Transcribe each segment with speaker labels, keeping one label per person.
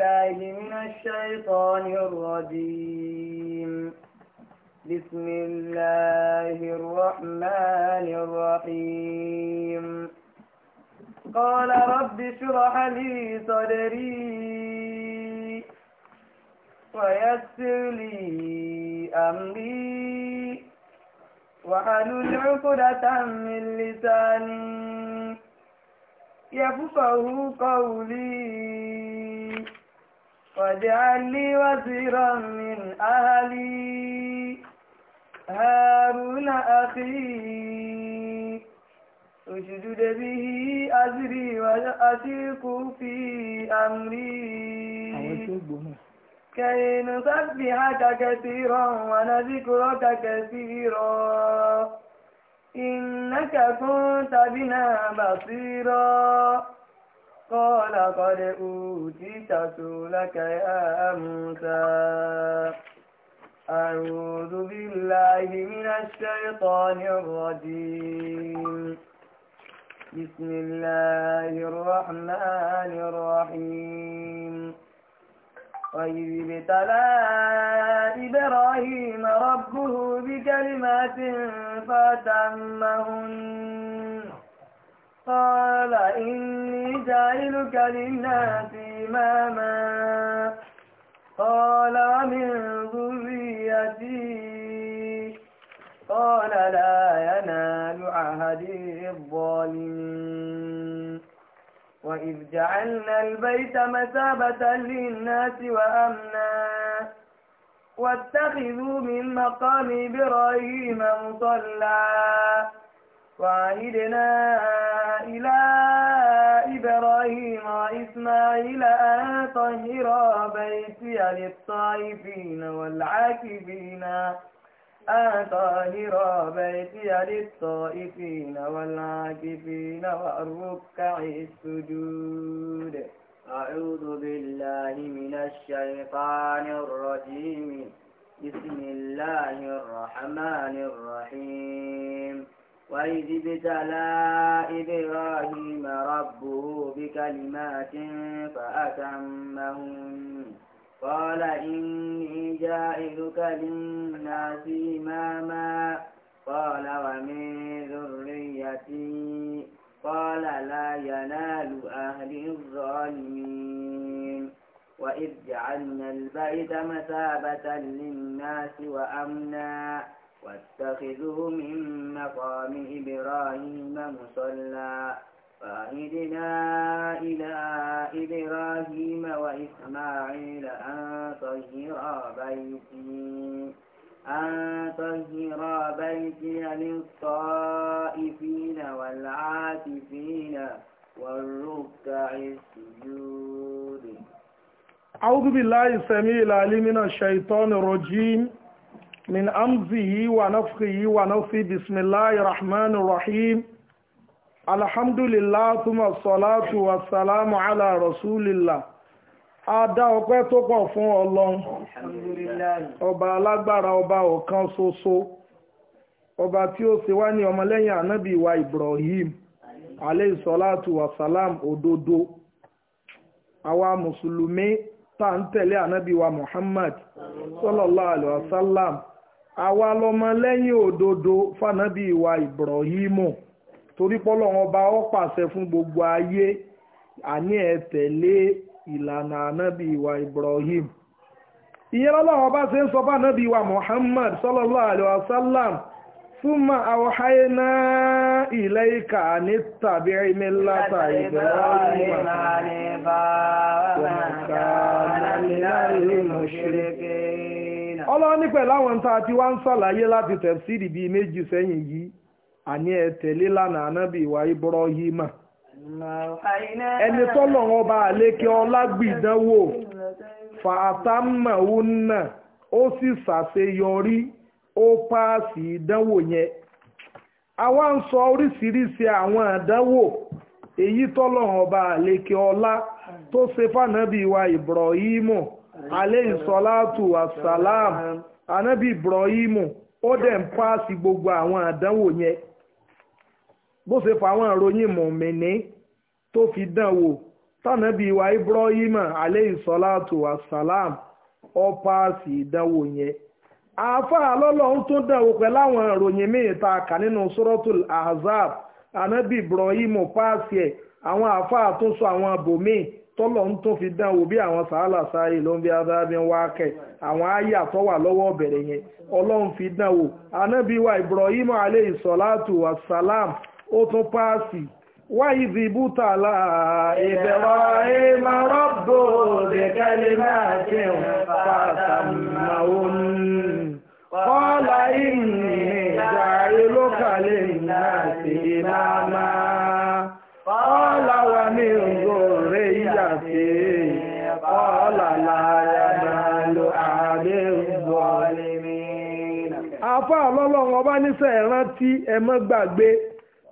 Speaker 1: بالله من الشيطان الرجيم بسم الله الرحمن الرحيم قال رب اشرح لي صدري ويسر لي أمري وحلل عقدة من لساني يفقه قولي واجعل لي وزيرا من أهلي هارون أخي أشدد به أزري وأثق في أمري كي نسبحك كثيرا ونذكرك كثيرا إنك كنت بنا بصيرا قال قد أوتيت سؤلك يا موسى أعوذ بالله من الشيطان الرجيم بسم الله الرحمن الرحيم وإذ طيب، ابتلى إبراهيم ربه بكلمات فأتمهن قال إني جعلك للناس إماما قال من ذريتي قال لا ينال عهدي الظالمين وإذ جعلنا البيت مثابة للناس وأمنا واتخذوا من مقام إبراهيم مصلى وعهدنا إلى إبراهيم وإسماعيل أن طهرا بيتي للطائفين والعاكفين أن طهرا بيتي للطائفين والعاكفين
Speaker 2: والركع السجود أعوذ بالله من الشيطان الرجيم بسم الله الرحمن الرحيم وإذ ابتلى إبراهيم ربه بكلمات فأتمهن قال إني جاعلك للناس إماما قال ومن ذريتي قال لا ينال أهل الظالمين وإذ جعلنا البيت مثابة للناس وأمنا واتخذوا من مقام إبراهيم مصلى فعهدنا إلى إبراهيم وإسماعيل أن طهرا بيتي أن طهرا بيتي للطائفين والعاكفين والركع السجود
Speaker 3: أعوذ بالله السميع العليم من الشيطان الرجيم من أمزه ونفخه ونفخه بسم الله الرحمن الرحيم الحمد لله ثم الصلاة والسلام على رسول الله Adá ọpẹ́ tó pọ̀ fún Ọlọ́run. Ọba alágbára ọba ọ̀kan Ọba tí ó ṣe wá ní ọmọlẹ́yìn ànábì wa Ibrahim. Alayhi salatu wa salam òdodo. Àwa Mùsùlùmí tá ń tẹ̀lé ànábì wa Muhammad sallallahu alayhi àwa lọmọ lẹ́yìn òdodo fànàbí ìwà ibrahimu torí pọ́lọ́wọ́n ọba ó pàṣẹ fún gbogbo ayé àní ẹ tẹ̀lé ìlànà ànábì ìwà Ibrahim ìyẹn lọ́lọ́wọ́ bá ṣe ń sọ bá ìwà Muhammad sallallahu alaihi wasallam thumma ma ilayka àní tàbí millata Ibrahim wa ọlọ́run pẹ̀lú àwọn tá a ti wá ń ṣàlàyé láti tẹ̀síìrì bíi méjì sẹ́yìn yìí àní ẹ tẹ̀lé lánàá anábì ìwà Ibrahima
Speaker 1: ẹni tọ́lọ̀ ọba àlékè o
Speaker 3: fàtàmàwò náà ó sì ṣàṣeyọrí ó páàsì ìdánwò yẹn àwa ń sọ oríṣiríṣi àwọn àdánwò èyí tọ́lọ̀ ọba àlékè ọlá tó ṣe fànàbì ìwà aleyhi sọláàtù wasalam anabi ibrahim ó dẹ̀ ń paasi gbogbo àwọn àdánwò yẹn bó ṣe fa àwọn ìròyìn mọ̀mìnì tó fi dán wò tànàbí wa ibrahim aleyhi sọláàtù wasalam ó paasi ìdánwò yẹn àáfàá lọ́lọ́run tó dán wò pẹ̀lú àwọn ìròyìn míì tá kà nínú suratul ahzab anabi ibrahim paasi ẹ̀ àwọn àáfàá tó sọ àwọn abòmíì tọ́lọ̀ ń tún fi dán wò bí àwọn sàálà sáré ló ń bí adábí ń wá kẹ̀ àwọn ayé àtọ́wà lọ́wọ́ bẹ̀rẹ̀ yẹn ọlọ́run fi dán wò anábì wa Ibrahim aleyhi sọ́láàtù wasalam ó tún páàsì wáyé ti búta la ìbẹ̀rọ ìmọ̀ rọ́bù bẹ̀kẹ́lẹ́ náà jẹun pàtàkì
Speaker 1: kọ́lá ìrìn ìjà ìlú kàlẹ́ ìnáàtì náà máa.
Speaker 3: Kọ́lá wa ní ògbò rẹ̀ yíyà sí kọ́lá láyà máa lo ààrẹ ògbò ọ̀lẹ́mí. Àfá ọlọ́lọ́run ọba níṣẹ́ ìrántí ẹ má gbàgbé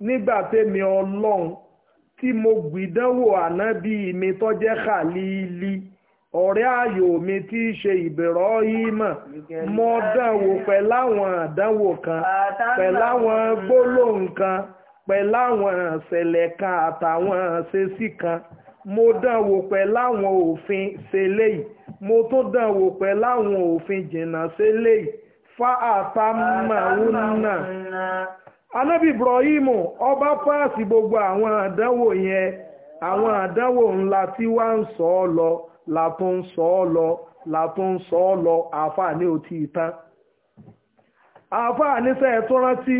Speaker 3: nígbà tèmi ọlọ́run tí mo gbìdánwò ànábì mi tọ́jẹ́ Khalili ọ̀rẹ́ ààyò mi tí í ṣe ìbẹ̀rọ̀ ìmọ̀ mọ́ dánwò pẹ̀láwọn àdánwò kan pẹ̀láwọn gbólóhùn kan. pẹ̀láwọn ìṣẹ̀lẹ̀ kan àtàwọn ìṣesí kan mo dán wò pẹ̀láwọn òfin ṣẹlẹ́yìí mo tún dán wò pẹ̀láwọn òfin jìnnà ṣẹlẹ́yìí fa àtàmàwùnà. anábì Ibrahimu, ọba páàsì gbogbo àwọn àdánwò yẹn àwọn àdánwò ńlá tí wá ń sọ ọ lọ látún sọ ọ lọ látún sọ ọ lọ àáfàá ní òtí ìtàn àáfàá níṣẹ́ tó rántí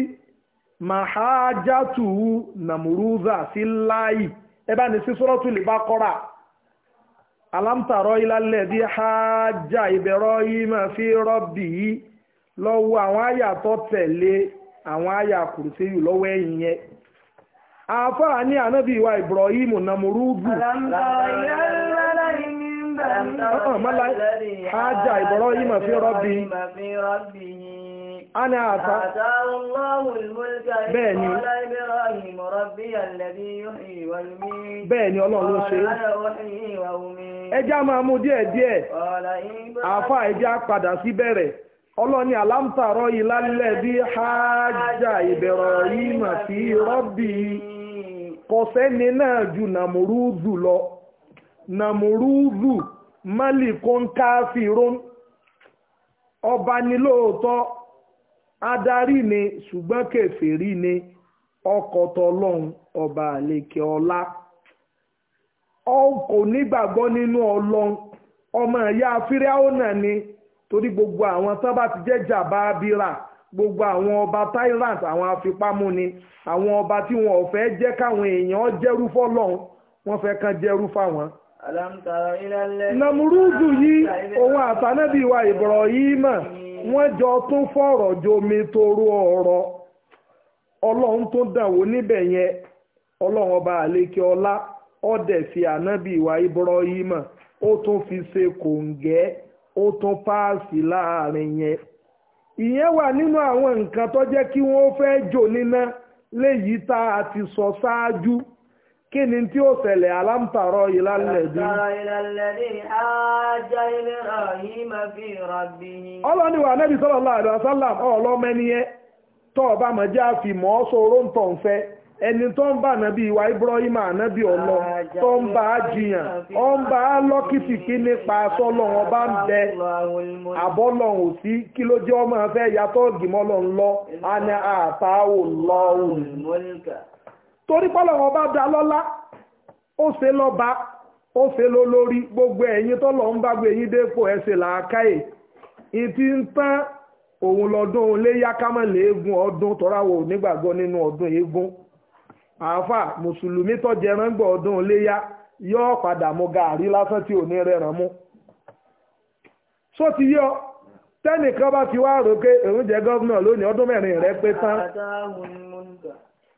Speaker 3: ma ha jatu na muruza si lai ebe a na-esi soro tulipa kọrọ alamtara ọyịla ledi ha ja ibero ime fi yi lọwụ awọn aya atọ tele awọn aya kurusiri lọwụ enyi afọ a anyị anabi iwa ibrahim na muruzu ha ja ibero ime fi rọbi
Speaker 1: أنا آتاه الله الملك بني قال إبراهيم ربي الذي يحيي ويميت بني الله لو شيء أنا أحيي وأميت ẹ jẹ́ máa mú díẹ̀ díẹ̀
Speaker 3: àáfà ẹ jẹ́ padà sí bẹ̀rẹ̀ ọlọ́ni alámtàrọ́ yìí lálẹ́ bí hájà Ibrahim fi rọ́bì náà ju nàmúrúdù lọ nàmúrúdù málìkún káfírún ọba ni lóòótọ́ adarí ni ṣùgbọ́n kèfèrí ni ọkọ̀ tọlọ́run ọba àlekè ọlá kò nígbàgbọ́ nínú ọlọ́run ọmọ ìyá fíráúnà ni torí gbogbo àwọn tán bá ti jẹ́ jàbábírà gbogbo àwọn ọba tyrant àwọn afipámúni àwọn ọba tí wọn ò fẹ́ jẹ́ káwọn èèyàn jẹ́rú fọ́lọ́run wọ́n fẹ́ kàn jẹ́rú fáwọn
Speaker 1: nàmúrúdù yìí òun
Speaker 3: àtànábì wa Ibrahima wọ́n jọ tún fọ̀rọ̀ tó rú ọ̀rọ̀ ọlọ́run tó dànwó níbẹ̀ yẹn ọlọ́run ọba àlékè ọlá ọ̀dẹ̀ fi ànábì ìwà Ibrahim ó tún fi ṣe kòǹgẹ́ ó tún páàsì láàrin yẹn ìyẹn wà nínú àwọn nǹkan tó jẹ́ kí wọ́n fẹ́ jò níná léyìí tá a ti sọ ṣáájú. So kí ni tí ó ṣẹlẹ̀ alámtàrọ ilá ọlọ́niwà nẹ́bí sọ́lọ́lá àdó asálàm ọlọ́mẹ́niyẹ tó ọba fi mọ́ sóró ń tọ̀ ń fẹ́ ẹni ń bá ìwà ọlọ tó ń bá a jiyàn ń bá a lọ́kìtìkí nípa sọ́lọ́run torí pọ́lọ̀ wọn bá da lọ́lá ó ṣe ó ṣe lọ lórí gbogbo ẹ̀yin tọ́lọ̀ ń bá gbé yín làákàyè ìtì ń tán òun lọ́dún iléyá kámẹ́lẹ̀ eégún ọdún tọ́ráwọ̀ nígbàgbọ́ nínú ọdún eégún àáfà mùsùlùmí tọ́jẹ̀rángbọ̀ ọdún iléyá yóò padà mú gàárì lásán tí ò ní mú ti yọ tẹ́nìkan bá ti wá rò pé gọ́vnà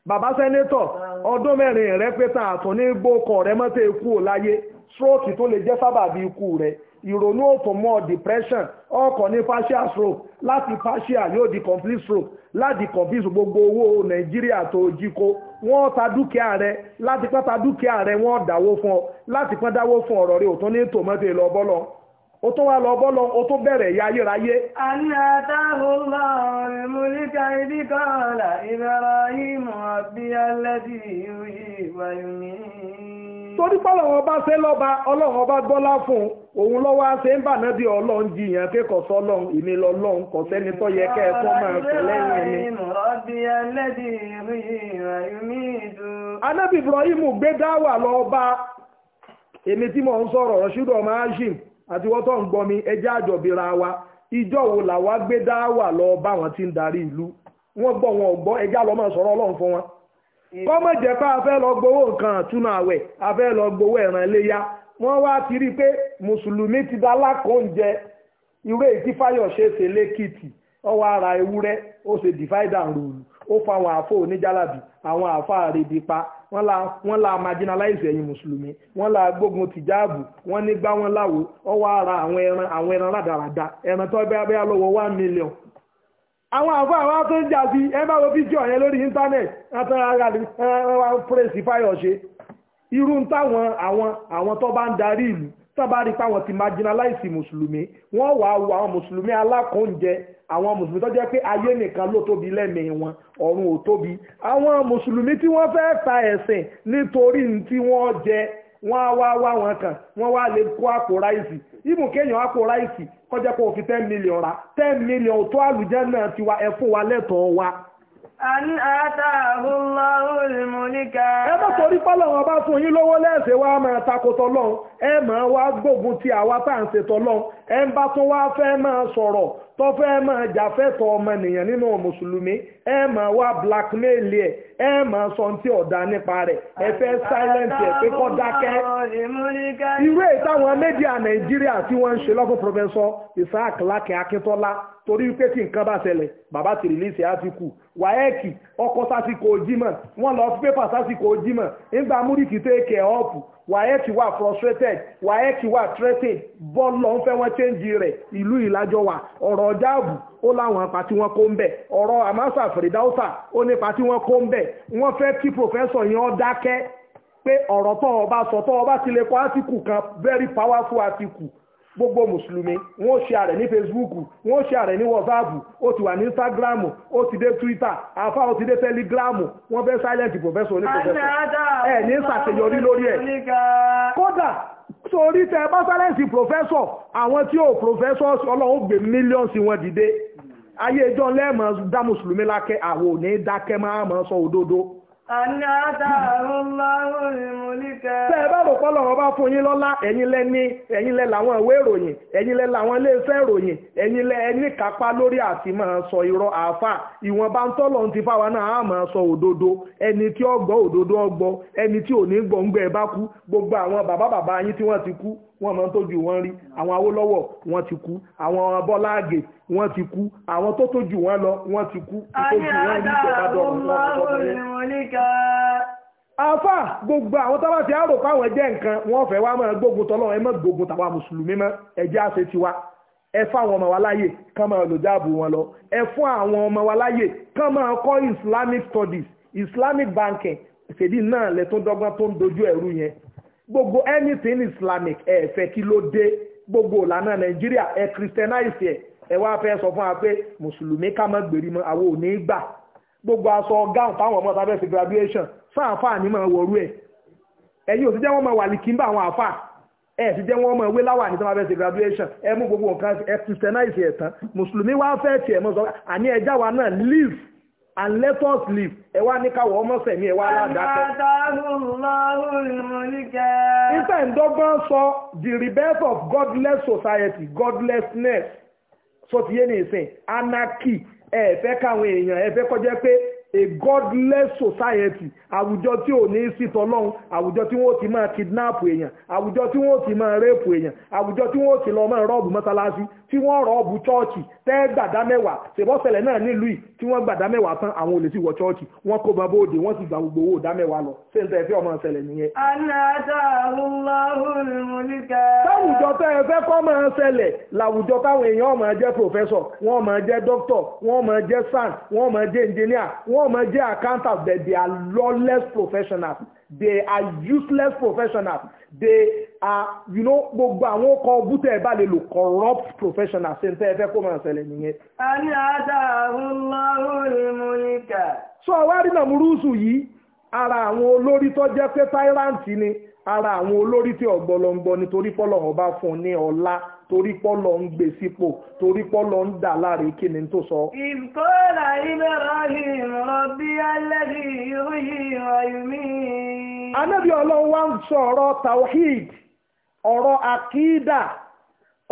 Speaker 3: bàbá sẹ́nétọ̀ ọdún mẹ́rin rẹ pé tán àtún ní gbókọ̀ rẹ mọ́tò ikú ò láyé stroke tó lè jẹ́ sábàbí ikú rẹ ìrònú òtún mọ́ depression ọkọ̀ ní partial stroke láti partial yóò di complete stroke láti complete gbogbo owó nàìjíríà tó jí kó wọ́n ta dúkìá rẹ láti pẹ́ ta dúkìá rẹ wọ́n dáwó fún ọ láti pẹ́ dáwó fún ọ̀rọ̀ rẹ òtún ní tòmọ́tò ìlọ́bọ́lọ́ ó tó wá lọ bọ́lọ ó tó bẹ̀rẹ̀ ya ayérayé. a torí pọ́lọ̀ bá ṣe lọ́ba ọlọ́run ọba gbọ́lá fún òun lọ́wọ́ ṣe ń bà náà bí ọlọ́run jiyàn pé kò sọ́lọ́run ìní lọ́lọ́run kò sẹ́ni tó yẹ kẹ́ ẹ fọ́ máa lẹ́yìn ẹni. anábì gbé dáwà bá èmi tí mò àti wọ́n tó ń gbọ́ mi ẹjẹ́ àjọbíra wa ìjọ wo làwa gbé dá wà lọ bá wọn tí ń darí ìlú wọ́n gbọ́ wọn ò gbọ́ ẹjẹ́ àlọ́ máa sọ̀rọ̀ ọlọ́run fún wọn. kọ́mọ̀ jẹ́ pé a fẹ́ lọ gbowó nǹkan àtúnú àwẹ̀ a fẹ́ lọ gbowó ẹ̀ràn iléyà wọ́n wá ti rí i pé mùsùlùmí ti dá lákòóúnjẹ irú èyí tí fáyọ̀ṣe ṣe lẹ́kìtì ọwọ́ ara ewúrẹ́ ó ṣe divide rule ó fa àwọn àfọ oníjàlábì àwọn àfọ àrèdípa wọ́n la wọ́n la marginalize ẹ̀yin mùsùlùmí wọ́n la gbógun tìjáàbù wọ́n ní gbá wọn láwo wọ́n wá ara àwọn ẹran àwọn ẹran rádaràda ẹran tó bẹ́ẹ̀ bẹ́ẹ̀ lọ́wọ́ one million. àwọn àfọ àwọn tó ń jà sí ẹ bá wo fídíò yẹn lórí íńtánẹ̀tì látara ara ẹ wá pírèsì fáyọ̀ṣe irú táwọn àwọn àwọn tó bá ń darí ìlú tábà rí páwọn ti marginalize mùsùlùmí wọ́n wà á wo àwọn mùsùlùmí alákòóúnjẹ àwọn mùsùlùmí tó jẹ́ pé ayé nìkan ló tóbi lẹ́mìí wọn ọ̀run ò tóbi àwọn mùsùlùmí tí wọ́n fẹ́ ta ẹ̀sìn nítorí tí wọ́n jẹ wọ́n á wá wá wọn kàn wọ́n wá lè kó àpò ráìsì ibù kéèyàn àpò ráìsì kọjá kó o fi ten million ra ten million tó àlùjẹ́ náà ti wa ẹ̀ fún wa lẹ́tọ̀ọ́ wa
Speaker 1: Àní àtàhùn lọ́wọ́ ìmúlíkà.
Speaker 3: Ẹ bá fún yín lówó lẹ́sẹ̀ wá máa takò tọ́lọ́ ẹ máa wá gbógun ti àwa tá à ń ṣe tọ́lọ́ ẹ ń bá tún wá fẹ́ máa sọ̀rọ̀ tó fẹ́ máa jàfẹ́tọ̀ ọmọnìyàn nínú mùsùlùmí ẹ máa wá blackmail ẹ ẹ máa sọ tí ọ̀dà nípa rẹ̀ ẹ fẹ́ silent ẹ pé kọ́ dákẹ́.
Speaker 1: irú ìtàwọn mẹ́díà
Speaker 3: nàìjíríà tí wọ́n ń ṣe lọ́fún pọfẹ́sọ isaac lákẹ́ akíntọ́lá torí pé tí nǹkan bá ṣẹlẹ̀ bàbá ti rìlíìsì átíkù wáyẹ́ẹ̀kì ọkọ̀ sásìkò jímọ̀ wọ́n lọ fi pépà sásìkò jímọ̀ nígbà múríkì tẹ́ẹ̀kẹ́ ọ̀pù wàyẹ́ ti wà frustrated wàyẹ́ ti wà threatened bọ́ọ̀lù lọ́n fẹ́ wọ́n change rẹ̀ ìlú ìlàjọ wà ọ̀rọ̀ ọ̀jáàbù ó láwọn apá tí wọ́n kó ń bẹ̀ ọ̀rọ̀ amasa fèrèdáùsà ó nípa tí wọ́n kó ń bẹ̀ wọ́n fẹ́ kí professor yẹn ó dákẹ́ pé ọ̀rọ̀ tó ọba sọ tó ọba ti lè kọ́ àtìkù kan very powerful àtìkù gbogbo mùsùlùmí wọn ó share ní facebook wọn ó share ní whatsapp ó ti wà ní instagram ó ti dé twitter àfa ó ti dé telegram wọn fẹ́ silent professor ní professor ẹ ní ṣàṣeyọrí lórí ẹ kódà torí tẹ bá silent professor àwọn tí ó professor ọlọ́run gbé millions wọn dìde ayé ìjọ lẹ́ẹ̀mọ́ dá mùsùlùmí lákẹ́ àwọn ò ní dákẹ́ máa mọ́ sọ òdodo.
Speaker 1: Bẹ́ẹ̀ bá rò
Speaker 3: pọ́lọ̀ wọn bá fún yín lọ́lá, ẹ̀yin lẹ ní, ẹ̀yin lẹ làwọn ìwé ìròyìn, ẹ̀yin lẹ làwọn iléeṣẹ́ ìròyìn, ẹ̀yin lẹ ẹni kápá lórí àti máa sọ irọ́ àáfà. Ìwọ̀n bá ń tọ́lọ̀ ń ti sọ òdodo, ẹni tí ó òdodo ẹni tí ò ní gbọ́ gbogbo àwọn bàbá bàbá yín tí wọ́n ti kú, wọ́n mọ tójú wọn rí àwọn Awólọ́wọ̀ wọ́n ti kú àwọn Bọ́láàgè wọ́n ti kú àwọn tó tójú wọn lọ wọ́n ti kú ìtójú wọn rí ìjọba dọ̀rùn afa gbogbo àwọn tó bá ti àrò fáwọn ẹjẹ nǹkan wọ́n fẹ́ wá máa gbógun tọlọ́run ẹ má gbógun tàwa mùsùlùmí mọ́ ẹjẹ àṣẹ tiwa ẹ fáwọn ọmọ wa láyè kán máa lò jáàbù wọn lọ ẹ fún àwọn ọmọ wa láyè kán máa kọ́ Islamic studies Islamic banking ṣèdí náà lẹ tó dọ́gbọ́n tó ń dojú ẹrú yẹn gbogbo anything islamic ẹ fẹ́ kí ló dé gbogbo ìlànà nàìjíríà ẹ christianize ẹ ẹ wá fẹ́ sọ fún wa pé mùsùlùmí ká má gbèrí mọ́ àwọn ò ní gbà gbogbo aṣọ gáwọn fáwọn ọmọ tàbí ẹsẹ graduation fáàfáà ní máa wọrú ẹ ẹ̀yin ò sì jẹ́ wọ́n máa wà lìkìmbà àwọn àfáà ẹ sì jẹ́ wọ́n máa wé láwà ní tàbí ẹsẹ graduation ẹ mú gbogbo nǹkan ẹ christianize ẹ tán mùsùlùmí wá fẹ́ tiẹ̀ mọ́ sọ àní ẹja wa náà live and let us live ẹ wá ní káwọ ọmọ ẹ wá aládàáfẹ. ìfẹ́ ǹdọ́gbọ́n sọ the rebirth of godless society godlessness sọ ti yé ní ìsìn anarchy ẹ fẹ́ káwọn èèyàn ẹ fẹ́ kọjá pé a godless society àwùjọ tí ò ní sí tọlọ́hún àwùjọ tí wọ́n ti máa kidnap èèyàn àwùjọ tí wọ́n ti máa rape èèyàn àwùjọ tí wọ́n ti lọ máa rọ́ọ̀bù mọ́sálásí tí wọ́n rọ ọ̀bù chọ́ọ̀chì tẹ́ gbàdá mẹ́wàá ṣèbọ́sẹ̀lẹ̀ náà nílùú yìí tí wọ́n gbàdá mẹ́wàá tán àwọn olè sì wọ chọ́ọ̀chì wọ́n kó bọ́ bóde wọ́n sì gba gbogbo owó dá mẹ́wàá lọ ṣé n tẹ́ fẹ́ ọmọ ṣẹlẹ̀ nìyẹn. táwùjọ tẹ́ ẹ fẹ́ kọ́ máa ṣẹlẹ̀ làwùjọ táwọn èèyàn máa jẹ́ pòfẹ́sọ̀ wọ́n máa jẹ́ dókítọ̀ wọ́n máa jẹ́ sàn wọ́n máa jẹ́ engineer wọ́n máa jẹ́ accountant but they are lawless professionals they are useless professionals they are you know gbogbo àwọn ọkọ̀ bútẹ́ ẹ̀ bá lè lò corrupt professional ṣe ń tẹ́ ẹ fẹ́ kó máa ṣẹlẹ̀ nìyẹn.
Speaker 1: a ní àdáhùn
Speaker 3: lọ́rùn ìmúlíkà. sọ wá rí nàmúrúsù yìí ara àwọn olórí tó jẹ́ pé tyrant ni ara àwọn olórí tí ọ̀gbọ́lọ́ngbọ́ nítorí pọ́lọ́hàn bá fún un ní ọlá torí pọ́lọ̀ ń gbé sípò torí pọ́lọ̀ ń dà láre kí ni tó sọ.
Speaker 1: ìkọ́lá Ibrahim rọ̀bí alẹ́bí ìrúyì ọ̀yùmí. anábì
Speaker 3: ọlọ́run wá ń sọ ọ̀rọ̀ tawhid ọ̀rọ̀ akida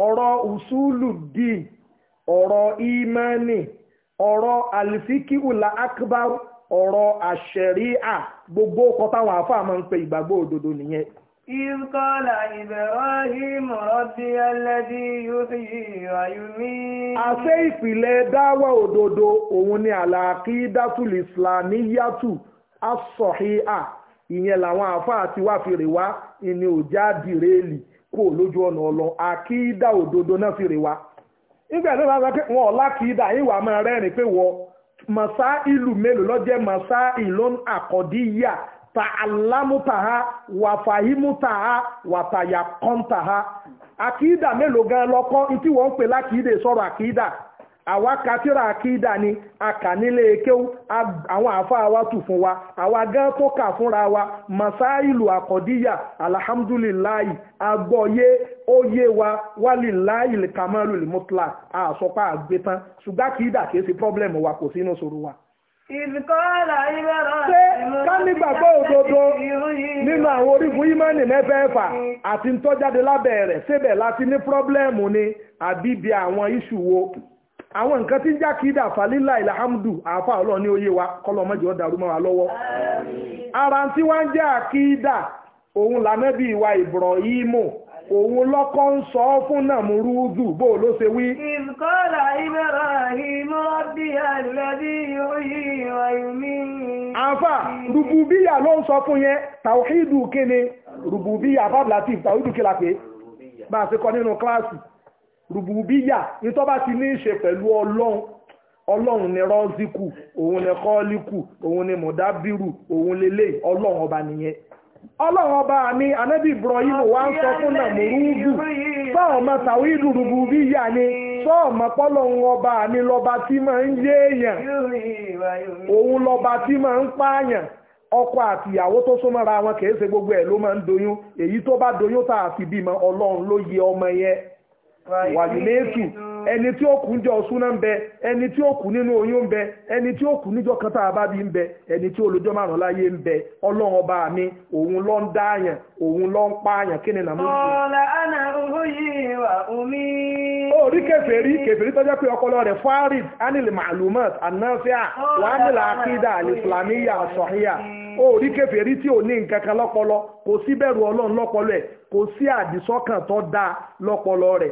Speaker 3: ọ̀rọ̀ usuludin ọ̀rọ̀ imani ọ̀rọ̀ alifikiula akbar ọ̀rọ̀ àṣẹríà gbogbo ọkọ̀ táwọn àfáà ń pe ìgbàgbọ́ òdodo nìyẹn
Speaker 1: إذ قال إبراهيم ربي الذي يحيي ويميت
Speaker 3: àṣẹ ìpìlẹ̀ dáwà òdodo òun ni àlàkídátùl ìsìláníyàtù ìyẹn làwọn àáfàá tí wàá fi rè wá ìní òjá dìrẹ́ẹ̀lì kó lójú ọ̀nà ọlọ́run àkídà òdodo náà fi rè wá. nígbà tó pé wọn máa rẹ́rìn pé ìlú mélòó lọ́jẹ́ ìlú àkọ́díyà tààlámùtàhá wàfàhímùtàhá wàtàyàkọ́ntàhá àkídà mélòó gan lọ́kọ́ tí wọ́n ń pè lákìídè sọ̀rọ̀ àkídà àwa katira àkídà ni akànílé ekéwú àwọn àáfàá wa tù fún wa àwa gan tó kà fúnra wa masáìlù àkọ́díyà alhamdulilayi agbọ́yé óyé wa wàlíláyì kàmálù lèmọ́tìlá àsọpá àgbétán ṣùgbọ́n àkídà kìí ṣe pọ́blẹ́mù wa kò sínú sọ̀rọ̀ wa.
Speaker 1: إذ قال إبراهيم nígbàgbọ́ òdodo nínú àwọn orígun ìmánì mẹ́fẹ̀ẹ̀fà
Speaker 3: àti ntọ́jáde lábẹ́ rẹ̀ síbẹ̀ láti ní pírọ́blẹ́mù ni àbí bí àwọn iṣu wo àwọn nǹkan tí ń já kìí dàfà lílà ìlàhámdù àáfà ọlọ́ọ̀ni oyé wa kọlọ́mọ́jì ó dàrú mọ́ wa lọ́wọ́ ara tí wọ́n ń já kìí dà òun lànà bí ìwà Ìbráhímù òun lọ́kọ́ ń sọ ọ́ fún nàmúrúdù bó ló ṣe wí.
Speaker 1: ìkọ́lá Ibrahim rọ́bì àlẹ́bí òyì ọ̀yùmí. àfà
Speaker 3: rùbùbíyà ló ń sọ fún yẹn tàwíìdù kíni rùbùbíyà fábùlátì tàwíìdù kí la pé bá a ṣe kọ nínú kíláàsì rùbùbíyà ní tó bá ti ní í ṣe pẹ̀lú ọlọ́run ọlọ́run ni rọ́ọ̀zíkù òun ni kọ́ọ́líkù òun ni mọ̀dábírù òun lélẹ́yìn ọlọ́run ọba nìyẹn ọlọrọ ọba mi anábì Ibrahim wá ń sọ fún nàmúrúdù sọ́ọ̀mọ tàwídù rububiyya ni pọlọ pọ́lọ́run ọba mi lọba tí máa ń yé èèyàn òun lọ́ba tí máa ń pààyàn ọkọ àti ìyàwó tó súnmọ́ra wọn kìí ṣe gbogbo ẹ̀ ló máa ń doyún èyí tó bá doyún tá a fi bímọ ọlọ́run wàlúmẹ́ẹ̀tù ẹni tí ó kú níjọ́ súná ń bẹ ẹni tí ó kù nínú oyún ń bẹ ẹni tí ó kù níjọ́ kan tá ń bẹ ẹni tí olójọ́ márùn láyé ń bẹ ọlọ́run ọba mi òun ló ń dáàyàn òun ló ń àyàn kí ni nàmú. ọ̀la
Speaker 1: àná yìí wà omi. orí kẹfẹ́rí
Speaker 3: kẹfẹ́rí ní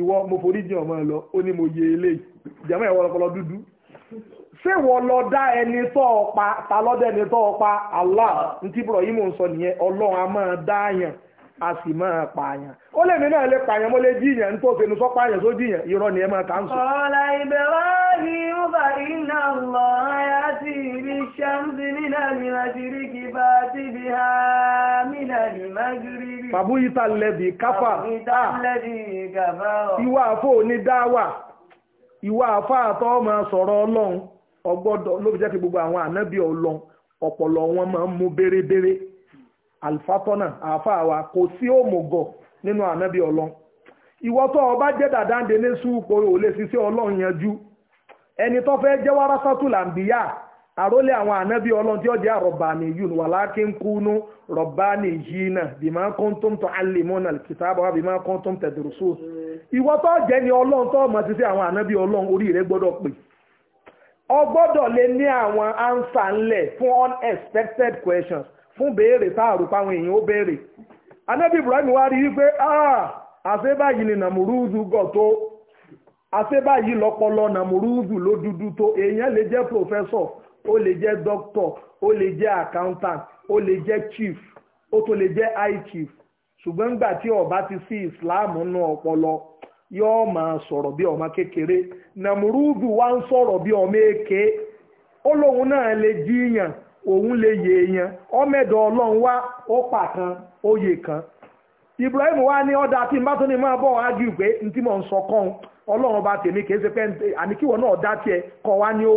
Speaker 3: ìwọ mo forí ọmọ ẹ lọ ó ní mo yẹ eléyìí ìjàmbá ìwọ ọlọpọlọ dúdú ṣé wọ́n lọ dá ẹni tọ́ ọ pa ta lọ́dẹ ẹni tọ́ ọ pa Allah ntí Ibrahim ń sọ nìyẹn ọlọ́run a máa dá àyàn a sì máa pààyàn ó lè mí náà lè pààyàn mo lè jíyàn ní tó fẹnu sọ pààyàn tó jíyàn irọ́ ni ẹ máa kà ń sọ.
Speaker 1: ọ̀la ìbẹ̀wá ni ó bá iná lọ الشمس من المشرق فات بها من المغرب
Speaker 3: فبهت الذي كفر
Speaker 1: فبهت الذي كفر
Speaker 3: ìwà àfọ onídáwà ìwà ọmọ sọ̀rọ̀ ọlọ́run ọgbọ́dọ̀ ló fi jẹ́ kí gbogbo àwọn ànábì ọlọrun ọpọlọ wọn máa ń mú bérebére alifatọ́nà àáfà wa kò sí òmùgọ̀ nínú ànábì ọlọ́run ìwọ tó o bá jẹ́ dàdáǹde ní sùúrù kò lè ṣiṣẹ́ ọlọ́run yanjú ẹni tó arole àwọn anabi ọlọ́run tí ó jẹ́ àrọ̀bàní yìí wà lákín kúnú rọ̀bàní yìí náà bima kuntum kitaba wa bima kuntum tadrusun ìwọ tó jẹ́ ni ọlọ́run tó mọ̀ sí sí àwọn ọlọ́run orí gbọ́dọ̀ pè ọ gbọ́dọ̀ lè ní àwọn ansa ńlẹ̀ fún unexpected questions fún béèrè sáàrù páwọn èèyàn ó béèrè Ibrahim wá rí wípé ah, àṣebáyìí ni nàmúrúdù gọ̀ tó ó lè jẹ́ doctor ó lè jẹ́ accountant ó lè jẹ́ chief ó tún lè jẹ́ high chief ṣùgbọ́n nígbà tí ọba ti sí islam nù ọpọlọ yóò máa sọ̀rọ̀ bí ọmọ kékeré nàmúrúdù wá ń sọ̀rọ̀ bí ọmọ èké ó lóun náà lè jíyàn òun lè yèèyàn ọmẹdọ Ọlọ́run wá ó pà kan kan Ibrahim wá ní ọ̀dà tí n bá tó ní máa bọ̀ mò ń sọ Ọlọ́run bá kọ́ wá ní ó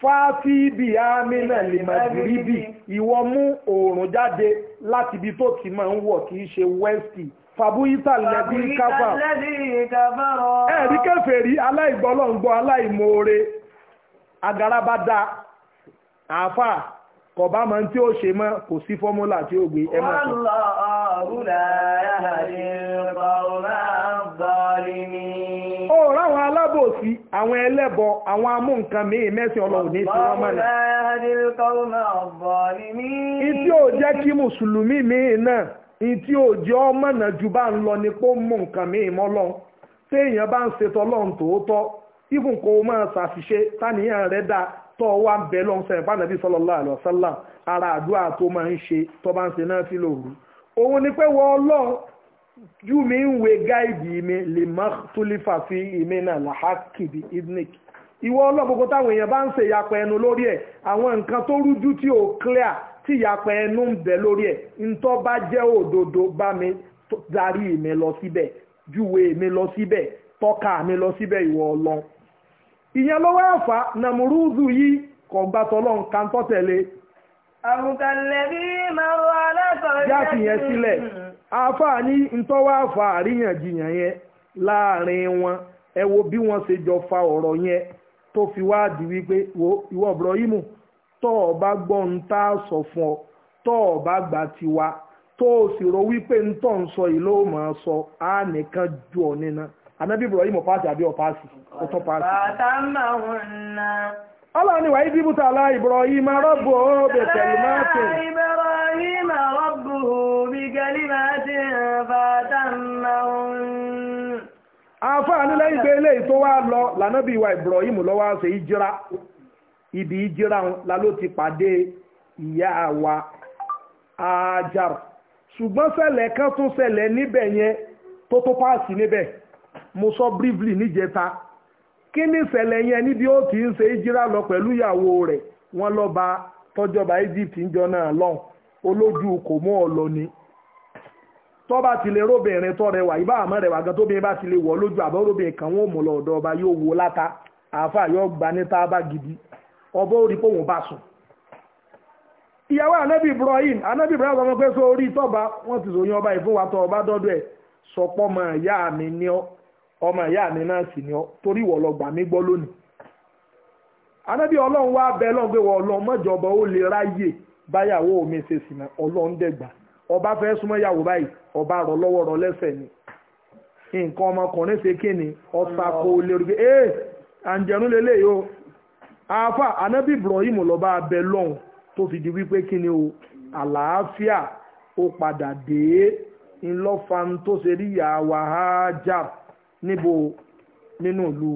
Speaker 3: fáfí bí amínà lè màgìrìbì ìwọ mú oòrùn jáde láti ibi tó ti máa ń wọ̀ kì í ṣe wẹ́stì fàbúyítà lẹ́bí káfà ẹ̀rí kèfèrí aláìgbọ́lọ́ngbọ́ aláìmoore agarabada àáfà kọ̀bá máa ń tí ó ṣe mọ́ kò sí fọ́múlà tí ó gbé ẹmọ́ àwọn ẹlẹ́bọ àwọn amú nǹkan míì mẹ́sìn ọlọ́run ní ìsinmi ọmọ náà
Speaker 1: ìtí ò jẹ́
Speaker 3: kí mùsùlùmí míì náà ìtí ò jẹ́ ọmọ náà ju bá ń lọ ní pó mú nǹkan míì mọ́ lọ téèyàn bá ń ṣètò ọlọ́run tòótọ́ ìfún kò máa ṣàṣìṣe táníyàn rẹ̀ dáa tó wá ń bẹ lọ́n sẹ́yìn fánàbí sallallahu alaihi wasallam ara àdúrà tó máa ń ṣe tó bá ń ṣe náà sí lòru jumi wega ibi ime lè tulifa fi ime náà làhákìbi idnik iwe ọlọ́gbogbo táwọn èèyàn ba ń ṣe ìyapa ẹnu lórí ẹ̀ àwọn nǹkan ti o clear ti ìyapa ẹnu ń bẹ lórí ẹ̀ ba bá jẹ́ òdodo mi darí mi lọ sibe júwe mi lọ sibe tọ́ka mi lọ sibe ìwọ ọlọ́n ìyẹn yìí kò máa
Speaker 1: wà
Speaker 3: afa ní ntọwa àfà àríyànjiyàn yẹn láàrin wọn ẹ wo bí ṣe jọ fa ọrọ yẹn tó fi wá di wípé wo ìwọ Ibrahimu tó o bá gbọ́ ń tá a sọ fún ọ o bá gbà tiwa sọ yìí ló máa sọ á nìkan ju nínú anabi àbí ọlọ́ni wàá lá bẹ̀tẹ̀
Speaker 1: بكلمات
Speaker 3: فأتمهن àfáàní lẹ́yìn pé eléyìí tó wá lọ lànàbí ìwà Ibrahim lọ́wọ́ ṣe ìjírá ibi ìjírá la ló ti pàdé ìyá wa Hajar ṣùgbọ́n ṣẹlẹ̀ kan tó ṣẹlẹ̀ níbẹ̀ yẹn tó tó páàsì níbẹ̀ mo sọ briefly níjẹta kí ni ṣẹlẹ̀ yẹn níbi ó ti ń ṣe ìjírá lọ pẹ̀lú ìyàwó rẹ̀ wọ́n lọ́ba tọ́jọba Egypt ń jọ náà lọ́hùn olójú kò mú ni tó bá ti lè róbìnrin tó rẹwà ìbá àmọ́ rẹwà gan tóbìnrin bá ti lè wọ̀ lójú àbọ̀ róbìnrin kan wọn mọ̀ lọ́dọ̀ ọba yóò wo láta àáfà yóò gba níta bá gidi ọbọ̀ orí pé òun bá sùn. ìyàwó anabi ibrahim anabi ibrahim sọ pé sọ orí tọ́ba wọ́n ti sòyìn ọba ìfún wa tọ́ ọba dọ́dọ̀ ẹ̀ sọpọ́ ọmọ ìyá mi ní ọ ọmọ ìyá mi náà sì ní ọ torí ìwọ lọ gbà mí gbọ́ lónìí. anabi ọlọ́run wá bẹ ọba fẹ́ súnmọ́ ìyàwó báyìí ọba rọ lọ́wọ́ rọ lẹ́sẹ̀ ni nǹkan ọmọkùnrin ṣe kí ni ọta kó lérò pé ee àǹjẹ̀nu lélẹ̀ yìí o àáfà anábì Ibrahim lọ́ba abẹ lọ́hùn tó fi di wípé kí ni o àlàáfíà ó padà dé ńlọ́fan tó ṣe rí ìyá wa Hajar níbo nínú ìlú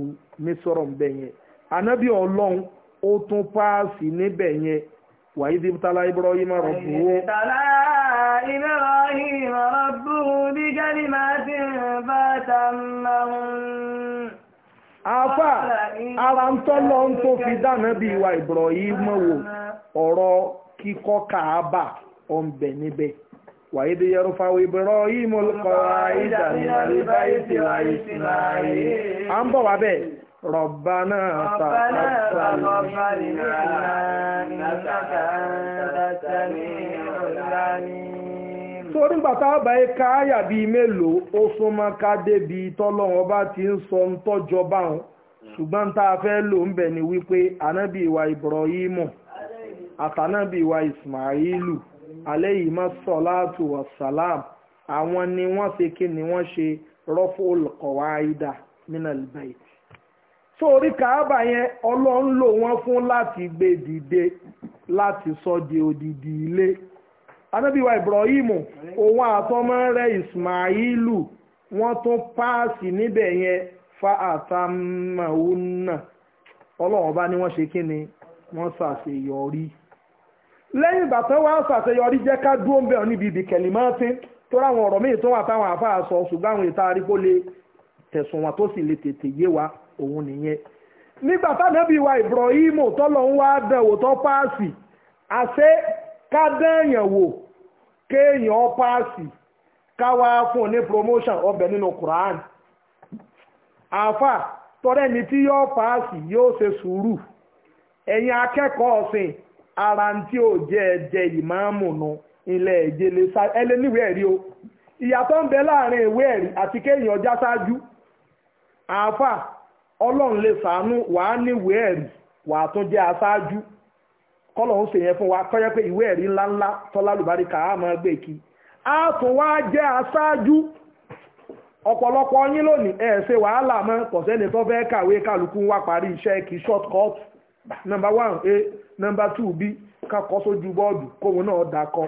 Speaker 3: mísọ̀rọ̀ ń bẹ̀ yẹn anábì ọlọ́run ó tún páàsì níbẹ̀ yẹn وإذ ابتلى إبراهيم ربه ابتلى إبراهيم ربه
Speaker 1: بكلمات فأتمهن àfà ara ń tọ́lọ ń tó fi
Speaker 3: dáná bí ìwà Ibrahim wò ọ̀rọ̀ kíkọ́ kàábà ọ̀nbẹ̀ níbẹ̀ wàyí bí yẹrùfà Ibrahim olùkọ́ àìdà ní àríbá ìsìlá ìsìlá yìí à ń bọ̀ wá bẹ́ẹ̀ ربنا تقبل
Speaker 1: منا
Speaker 3: torí gbàtà àbáyé ká àyà bíi mélòó ó súnmọ́ ká débi tọ́lọ́run ọba ti ń sọ ń tọ́jọ́ báwọn ṣùgbọ́n tá a fẹ́ lò ń bẹ̀ ni wípé anábì ìwà Ibrahimu àtànábì ìwà Ismailu aleyhi masalatu wasalam àwọn ni wọ́n ṣe kí ni wọ́n ṣe rọ́fò olùkọ́wá aida minal bait sórí kàábà yẹn ọlọ́run lò wọ́n fún láti gbé dìde láti sọ di odidi ilé anábìwá Ibrahim òun àtọmọ rẹ̀ Ismailu wọ́n tún páàsì níbẹ̀ yẹn fa àtàmàúnà ọlọ́run bá ní wọ́n ṣe kí ni wọ́n ṣàṣeyọrí lẹ́yìn ìgbà tó wá ṣàṣeyọrí jẹ́ ká dúró ń bẹ̀rù níbi ibi kẹ̀lìmọ́tì tó ráwọn ọ̀rọ̀ míì tó wà táwọn àáfàá sọ ṣùgbọ́n àwọn ìta arígbó lè tẹ̀sùn wọn tó sì lè tètè yé wa òun nìyẹn nígbà tánábì wa Ibrahim tọ́lọ̀ ń wá dánwò tó páàsì àṣẹ ká wò kéèyàn páàsì káwá fún ní promotion ọbẹ̀ nínú Quran àfà tọ́rẹ́ ní tí yọ páàsì yóò ṣe sùúrù ẹ̀yin akẹ́kọ̀ọ́ ọ̀sìn ara ń tí ò jẹ́ ẹ̀jẹ̀ ìmáàmù nu ilẹ̀ ẹ̀rí o ìyàtọ̀ ń bẹ láàrin ìwé àti kéèyàn já ọlọ́run lè sàánú ní níwèé ẹ̀rí á tún jẹ́ aṣáájú kọ́lọ̀hún ṣe yẹn fún wa kọ́jẹ́ pé ìwé ẹ̀rí ńláńlá tọ́lá lùbáríkà á máa gbé kí á tún wá jẹ́ aṣáájú ọ̀pọ̀lọpọ̀ yín lónìí ẹ̀ ṣe wàhálà mọ́ kọ̀sẹ́ni tó fẹ́ kàwé kálukú wá parí iṣẹ́ kí short cut number one a number two b kakọ́ sójú bọ́ọ̀dù kóhun náà dakọ́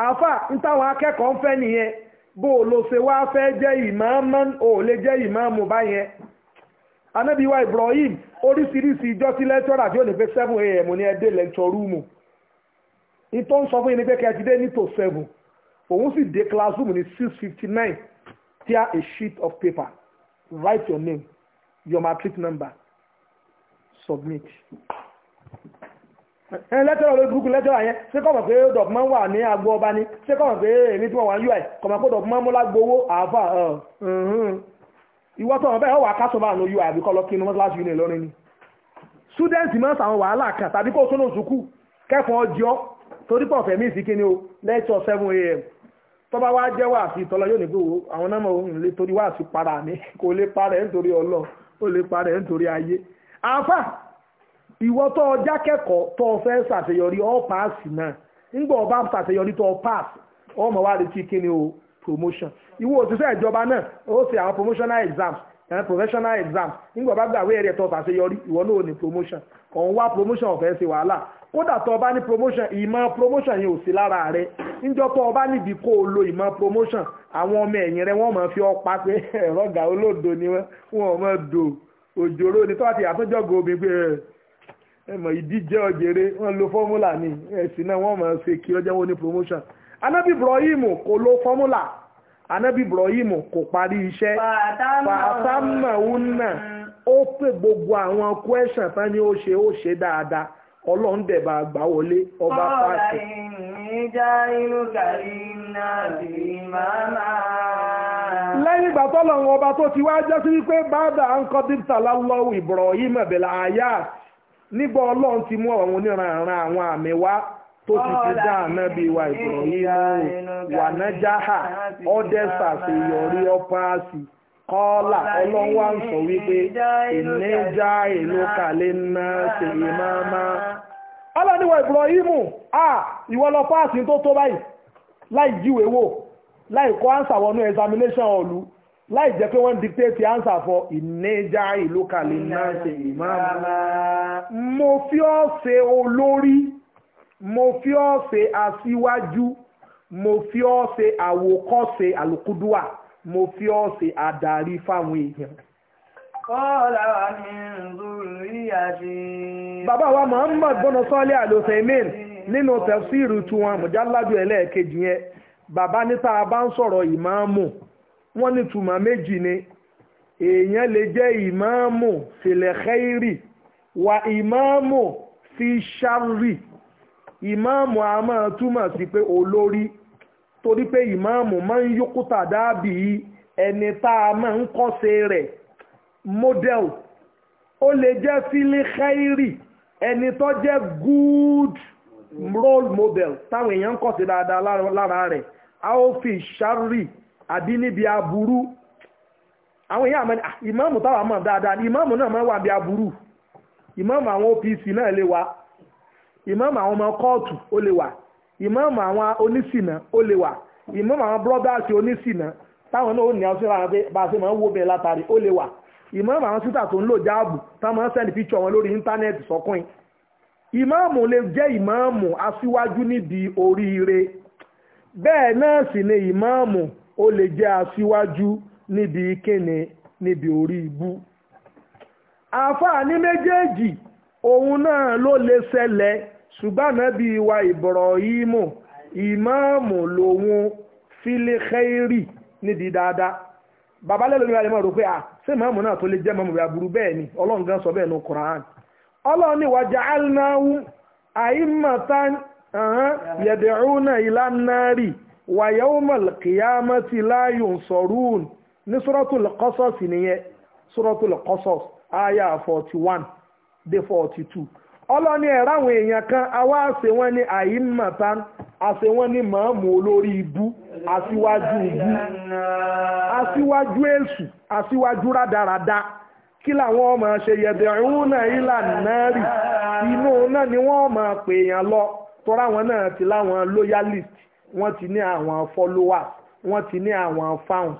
Speaker 3: àáfà ń táwọn akẹ́kọ̀ọ́ ń fẹ́ nìyẹn bó o lo ṣe wá fẹ́ jẹ́ lè jẹ́ báyẹn anábíwá Ibrahim oríṣiríṣi ìjọ sí lẹ́tọ́rà tí ó ní pé seven a.m. ní ẹdẹ lẹ́tọ́ rúùmù ní tó ń sọ fún yín ní pé kẹ́ẹ̀tì dé ní tó seven òun sì dé classroom ní six fifty nine tear a sheet of paper write your name your matric number submit. ẹ lẹ́tọ́rọ̀ lórí burúkú lẹ́tọ́rọ̀ yẹn ṣé kọ́ mọ̀ pé dọ̀pù máa ń wà ní agbo ọba ni ṣé kọ́ mọ̀ pé èmi tí wọ́n wà ń yọ ẹ̀ kọ̀ mọ̀ pé dọ̀pù máa ń mú lágbo ìwọ tó wọn bẹ́ẹ̀ ọwọ́ akásọ́bà ló yọ àbí kọ́ lọ kí inú mọ́sálásí yìí lọ́rin ni students máa ń sàwọn wàhálà kan tàbí kó sónà òsùkú kẹ́kọ̀ọ́ ọjọ́ torí pọ̀ fẹ̀mí ìsìnkí ni o lẹ́tọ̀ seven a.m. tó bá wá jẹ́ wàásù ìtọ́lá yóò ní pé wo àwọn náà mọ̀ ń lè torí wàásù para mi kò lè para ẹ̀ nítorí ọlọ́ ó lè para ẹ̀ nítorí ayé àáfà ìwọ tó ọjà kẹ́kọ̀ọ́ tó o fẹ́ promotion ìwọ òṣìṣẹ́ ìjọba náà ó ṣe àwọn promotional exams ẹ̀rọ eh, professional exams nígbà bá gbàwé ẹ̀rẹ́ tó ṣàṣeyọrí ìwọ náà ò ní promotion ọ̀hún wá promotion ọ̀fẹ́ ṣe wàhálà kódà tó o bá ní promotion ìmọ̀ promotion yẹn ò sí lára rẹ níjọ́ tó o bá nídìí kó o lo ìmọ̀ promotion àwọn ọmọ ẹ̀yìn rẹ wọ́n máa fi ọ́ pa pé ẹ̀rọ eh, gà olódo ni wọ́n wọ́n máa do òjòrò ni tọ́wọ́ ti àtúnjọ́gò omi pé eh, ẹ̀ mọ̀ ìdíje ọ̀jẹ̀rẹ̀ wọ́n lo fọ́múlà ni ẹ̀sìn náà wọ́n máa ṣe kí ọjọ́ wọn ní promotion anabi ibrahim kò lo fọ́múlà anabi ibrahim kò parí iṣẹ́ fàtàmàúnà ó pè gbogbo àwọn kwẹ́sàn tán ni ó ṣe ó ṣe dáadáa ọlọ́run dẹ̀bà àgbà ọba pàṣẹ. lẹ́yìn ìgbà tọ́lọ́run ọba tó ti wá jẹ́ sí wípé bàdà ibrahim nígbà ọlọ́run ti mú àwọn àwọn àmì tó ti fi dá ànábì wa Ibrahim wà nájáhà ọ́dẹ́sà ṣe yọrí ọ́páàsì kọ́ọ́là ọlọ́wà ń sọ wípé ìníjà ìlú kàlẹ́ náà ṣe ìmáàmá ọlọ́niwọ̀ Ibrahim à ìwọ lọ páàsì tó tó báyìí láì jíwèé wò láì kọ́ ánsà wọnú examination ọ̀lú láì jẹ́ pé wọ́n dictate answer for ìnẹ́jà ìlú kàlẹ́ náà ṣe ìmáàmá mo fi ọ́ ṣe olórí mo fi ọ́ ṣe aṣíwájú mo fi ọ́ ṣe àwòkọ́ṣe àlòkúdùà mo fi ọ́ ṣe adarí fáwọn èèyàn.
Speaker 1: kọ́ọ̀lá wa ní zuriyati.
Speaker 3: bàbá wa muhammad bọ́nà sọ́ọ́lé àlòsẹ̀mìn nínú tafsir tiwọn mọ̀jáládù ẹlẹ́ẹ̀kejì yẹn bàbá níta bá ń sọ̀rọ̀ ìmáàmù wọ́n ní tùmọ̀ méjì ni èèyàn lè jẹ́ ìmáàmù fil khairi wa ìmáàmù fi sharri ìmáàmù a máa túmọ̀ sí pé olórí torí pé ìmáàmù máa ń yókùtà dábì ẹni tá a máa ń kọ́ṣe rẹ̀ model ó lè jẹ́ fílíkẹ́rì ẹni tó jẹ́ good role model táwọn èèyàn ń kọ́ṣe dáadáa lára rẹ̀ a ó fi ṣárì àbí níbi aburú àwọn èèyàn àmọ́ ah, ìmáàmù táwọn àmọ́ dáadáa ìmáàmù náà máa wà bí aburú ìmáàmù àwọn OPC náà lè wà ìmáàmù àwọn ọmọ kóòtù ó lè wà ìmáàmù àwọn onísìnà ó lè wà ìmáàmù àwọn onisina onísìnà táwọn náà ó ní àwọn síra bá a ṣe máa ń wo bẹ́ẹ̀ látàrí ó lè wà ìmáàmù àwọn sítà tó ń lò jáàbù táwọn sẹ́ni píṣọ wọn lórí íńtánẹ́ẹ̀tì sọ́kùnrin ìmáàmù lè jẹ́ ìmáàmù aṣíwájú níbi oríire bẹ́ẹ̀ náà sì ni ìmáàmù ó lè jẹ́ aṣíwájú níbi òun náà ló lè ṣẹlẹ̀ ṣùgbọ́n ànábì wa Ìbọ̀rọ̀hímù ìmáàmù lòun fílíkẹ́rì nídìí dáadáa bàbá lẹ́nu ní alẹ́ mọ̀ rò pé à ṣé màmú náà tó lè jẹ́ màmú aburú bẹ́ẹ̀ ni ọlọ́run gan sọ bẹ́ẹ̀ ní Qur'an ọlọ́run ní wa ja'alnahu a'immatan yad'una ila an-nari wa yawmal qiyamati la ní suratul Qasas nìyẹn dé forty two ọlọ́ni ẹ̀rọ àwọn èèyàn kan àwa àṣẹ wọn ní àyímọ̀tán àṣẹ wọn ní màámù olórí ibú aṣíwájú ibú aṣíwájú èṣù aṣíwájú rádaràda kí làwọn ọmọ ṣe yẹ̀dẹ̀ ìhún náà ìlà náà inú náà ni wọ́n máa pè èèyàn lọ tọ́ra àwọn náà ti láwọn loyalist wọ́n ti ní àwọn followers wọ́n ti ní àwọn fans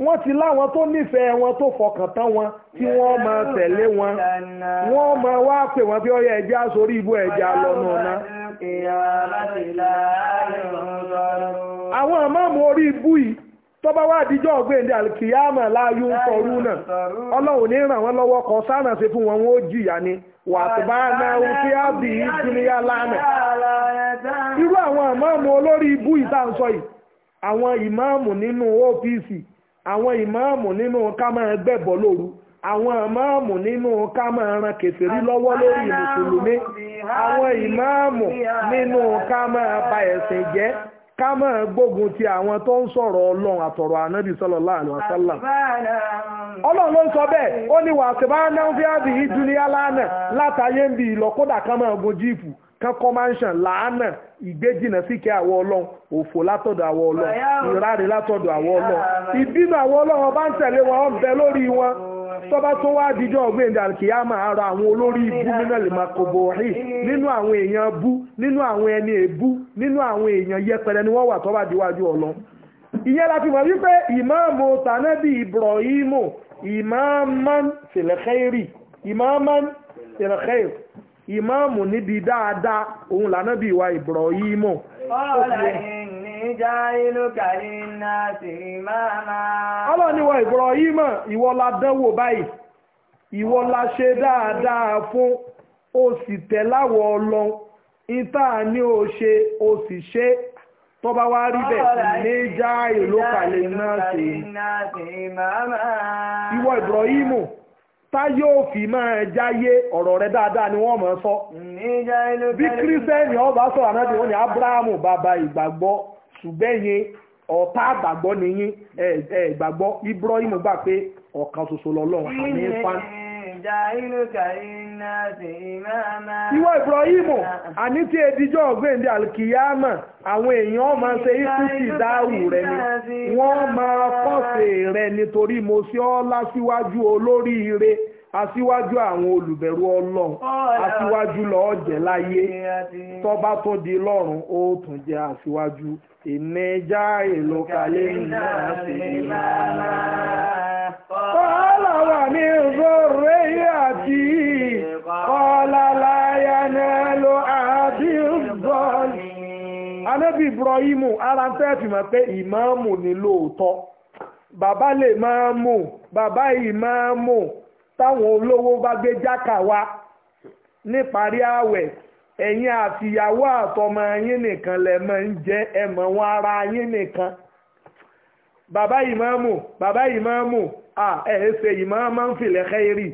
Speaker 3: wọ́n ti láwọn tó nífẹ̀ẹ́ wọn tó fọkàn tán wọn tí wọ́n máa tẹ̀lé wọn wọ́n máa wá pè wọ́n bí ọyọ ẹja sórí ibú ẹja lọ́nà ọ̀nà. àwọn àmọ́mù orí ibú yìí tó bá wá àdíjọ́ ọ̀gbẹ́ndé láàyò ń sọrú náà ọlọ́run ní ràn wọ́n lọ́wọ́ kan sáànà sí fún wọn ó jìyà ni náà àwọn ìmáàmù nínú ká máa gbẹ̀bọ̀ lóru àwọn ìmáàmù nínú ká máa ran kèfèrí lọ́wọ́ lórí mùsùlùmí àwọn ìmáàmù nínú ká máa ba ẹ̀sìn jẹ́ ti àwọn tó ń sọ̀rọ̀ ọlọ́run àtọ̀rọ̀ ànábì sallallahu alaihi wasallam.
Speaker 1: ọlọ́run ló ń sọ bẹ́ẹ̀ ó ní wàásù bá náà fi àbí ìdúnyá lánàá
Speaker 3: látàyé ń kankan máa ń ṣàn làánà ìgbéjìnà síkẹ́ àwọ ọlọ́run òfò látọ̀dọ̀ àwọ ọlọ́run ìráre látọ̀dọ̀ àwọ ọlọ́run ìbínú àwọ ọlọ́run ọba ń tẹ̀lé wọn ọ̀bẹ lórí wọn tọ́ba tó wá àdìjọ́ ọ̀gbìn dàkìyà máa ra àwọn olórí ibú nínú ìmọ̀kòbòrì nínú àwọn èèyàn bú nínú àwọn ẹni èbú nínú àwọn èèyàn yẹpẹrẹ ni wọ́n wà tọ́ba díwájú ọlọ́run ìyẹn ìmáàmù níbi dáadáa òun lànà bí ìwà Ibrahim. ọ̀la
Speaker 1: ìní já ìlú kàlí náà sì máma.
Speaker 3: ìwọ la dánwò báyìí ìwọ la ṣe dáadáa fún o sì tẹ̀ láwọ̀ ọlọ́n ni o ṣe o sì ṣe tó bá wá rí bẹ́ẹ̀ ní já ìlú kàlẹ̀ náà sí
Speaker 1: ìwọ Ibrahimu
Speaker 3: tá yóò fi máa jáyé ọ̀rọ̀ rẹ̀ dáadáa ni wọ́n máa sọ. bí kírísítẹ́nì ọba sọ̀rọ̀ anáde wọn ni abrahamu bàbá ìgbàgbọ́ ṣùgbẹ́yìn ọ̀tá àgbàgbọ́ nìyí ẹ̀ ibrahim gbà pé ọ̀kan ṣoṣo lọ́lọ́run àmì ń fa
Speaker 1: Ìwọ Ìbrọ̀hímù, àní
Speaker 3: tí edijọ́ ọ̀gbẹ́ndé Alkiyama, àwọn èèyàn máa ṣe ìtúsì dáhù rẹ̀ ni, wọ́n máa kọ́sẹ̀ rẹ̀ nítorí mo sí ọ́ lásíwájú olóríire aṣíwájú àwọn olùbẹ̀rù ọlọ́run aṣíwájú lọ́ọ́ jẹ́ láyé tọ́ba tó di lọ́run ó tún jẹ́ aṣíwájú ìnẹjà èlò kalẹ̀ náà sí ìlànà. kọ́lá wà ní ìṣòro àti kọ́lá láyà náà ló àbí bọ́ọ̀lì. anábì ibrahimu ara ń tẹ́ẹ̀fì mọ̀ pé ìmáàmù ni lóòótọ́ bàbá lè máa mú bàbá ìmáàmù. táwọn olówó bá gbé jákà wá níparí ààwẹ̀ ẹ̀yin àtìyàwó àtọmọ yín nìkan lẹ mọ̀ ń jẹ ẹ̀mọ̀ wọn ara yín nìkan bàbá ìmáàmù bàbá ìmáàmù à ẹ̀ ṣe ìmáàmù ń filẹ̀ kẹ́rì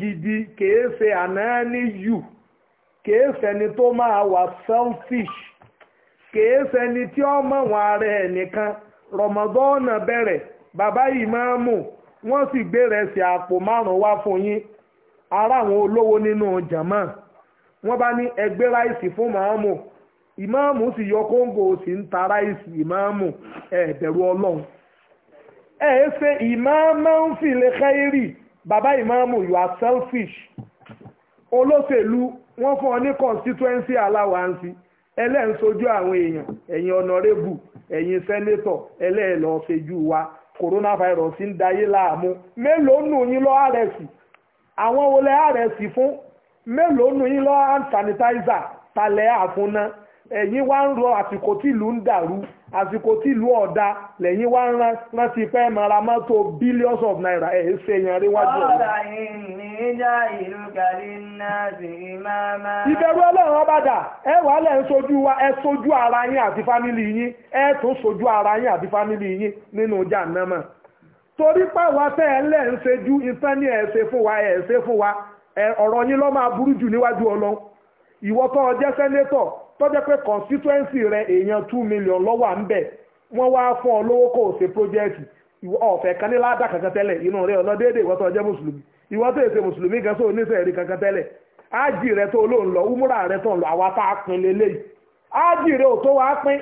Speaker 3: gidi kìí ṣe ànáání yù kìí ṣẹni tó máa wà selfish kìí ṣẹni tí wọn ara ẹ̀ nìkan bẹ̀rẹ̀ bàbá wọ́n sì gbé rẹsì àpò márùn-ún wá fún yín ara àwọn olówó nínú jàmá wọ́n bá ní ẹgbẹ́ ráìsì fún màámù ìmáàmù sì yọ kóńgò sì ń ta ráìsì ìmáàmù ẹ̀ẹ́dẹ̀rú ọlọ́run ẹ̀ ṣe ìmáàmù ń fìlẹ̀ kẹ́rì bàbá ìmáàmù you are selfish olóṣèlú wọ́n fún ọ ní constituency allowance ẹlẹ́ǹsojú àwọn èèyàn ẹ̀yin honorable ẹ̀yin senator ẹlẹ́ẹ̀lọ́ṣẹ́jú wa coronavirus ń dayé láàmú mélòó nù yín lọ rs àwọn olè rs fún mélòó nù yín lọ hand sanitizer talẹ̀ àfúnná ẹ̀yin wá ń rọ àsìkò tí ìlú ń dàrú àsìkò tí ìlú ọ̀dà lẹ́yìn wá rántí pẹ́ mara mọ́tò billions of naira ẹ̀ ṣe èèyàn ríwájú ọ̀dà. ìbẹ̀rù ọlọ́run ọbàdà ẹ wà lẹ́ ń sojú wa ẹ sojú ara yín àti fámìlì yín ẹ tún sojú ara yín àti fámìlì yín nínú jàǹdàmà torí pàwọ́ tẹ́ ẹ lẹ́ ń ṣejú ìtàn ní ẹ̀ ṣe fún wa ẹ̀ ṣe fún wa ọ̀rọ̀ yín lọ́ máa burú jù níwájú ọlọ́run ìwọ́tọ̀ ọjẹ́ sẹ́nétọ̀ tọ́jẹ́ pé constituency rẹ èèyàn two million lọ́wọ́ à ń bẹ̀ wọ́n wá fún ọ lówó kó o ṣe project ọ̀fẹ́ kan ní ládà kankan tẹ́lẹ̀ inú rẹ ọlọ́dẹ́dẹ́ ìwọ tó jẹ́ mùsùlùmí ìwọ tó èsè mùsùlùmí gan sóò níṣẹ́ rí kankan tẹ́lẹ̀ ájì rẹ tó olóòn lọ úmúra rẹ tó ń lọ àwa tá a pin lélẹ́yìí ájì rẹ ò tó wá pín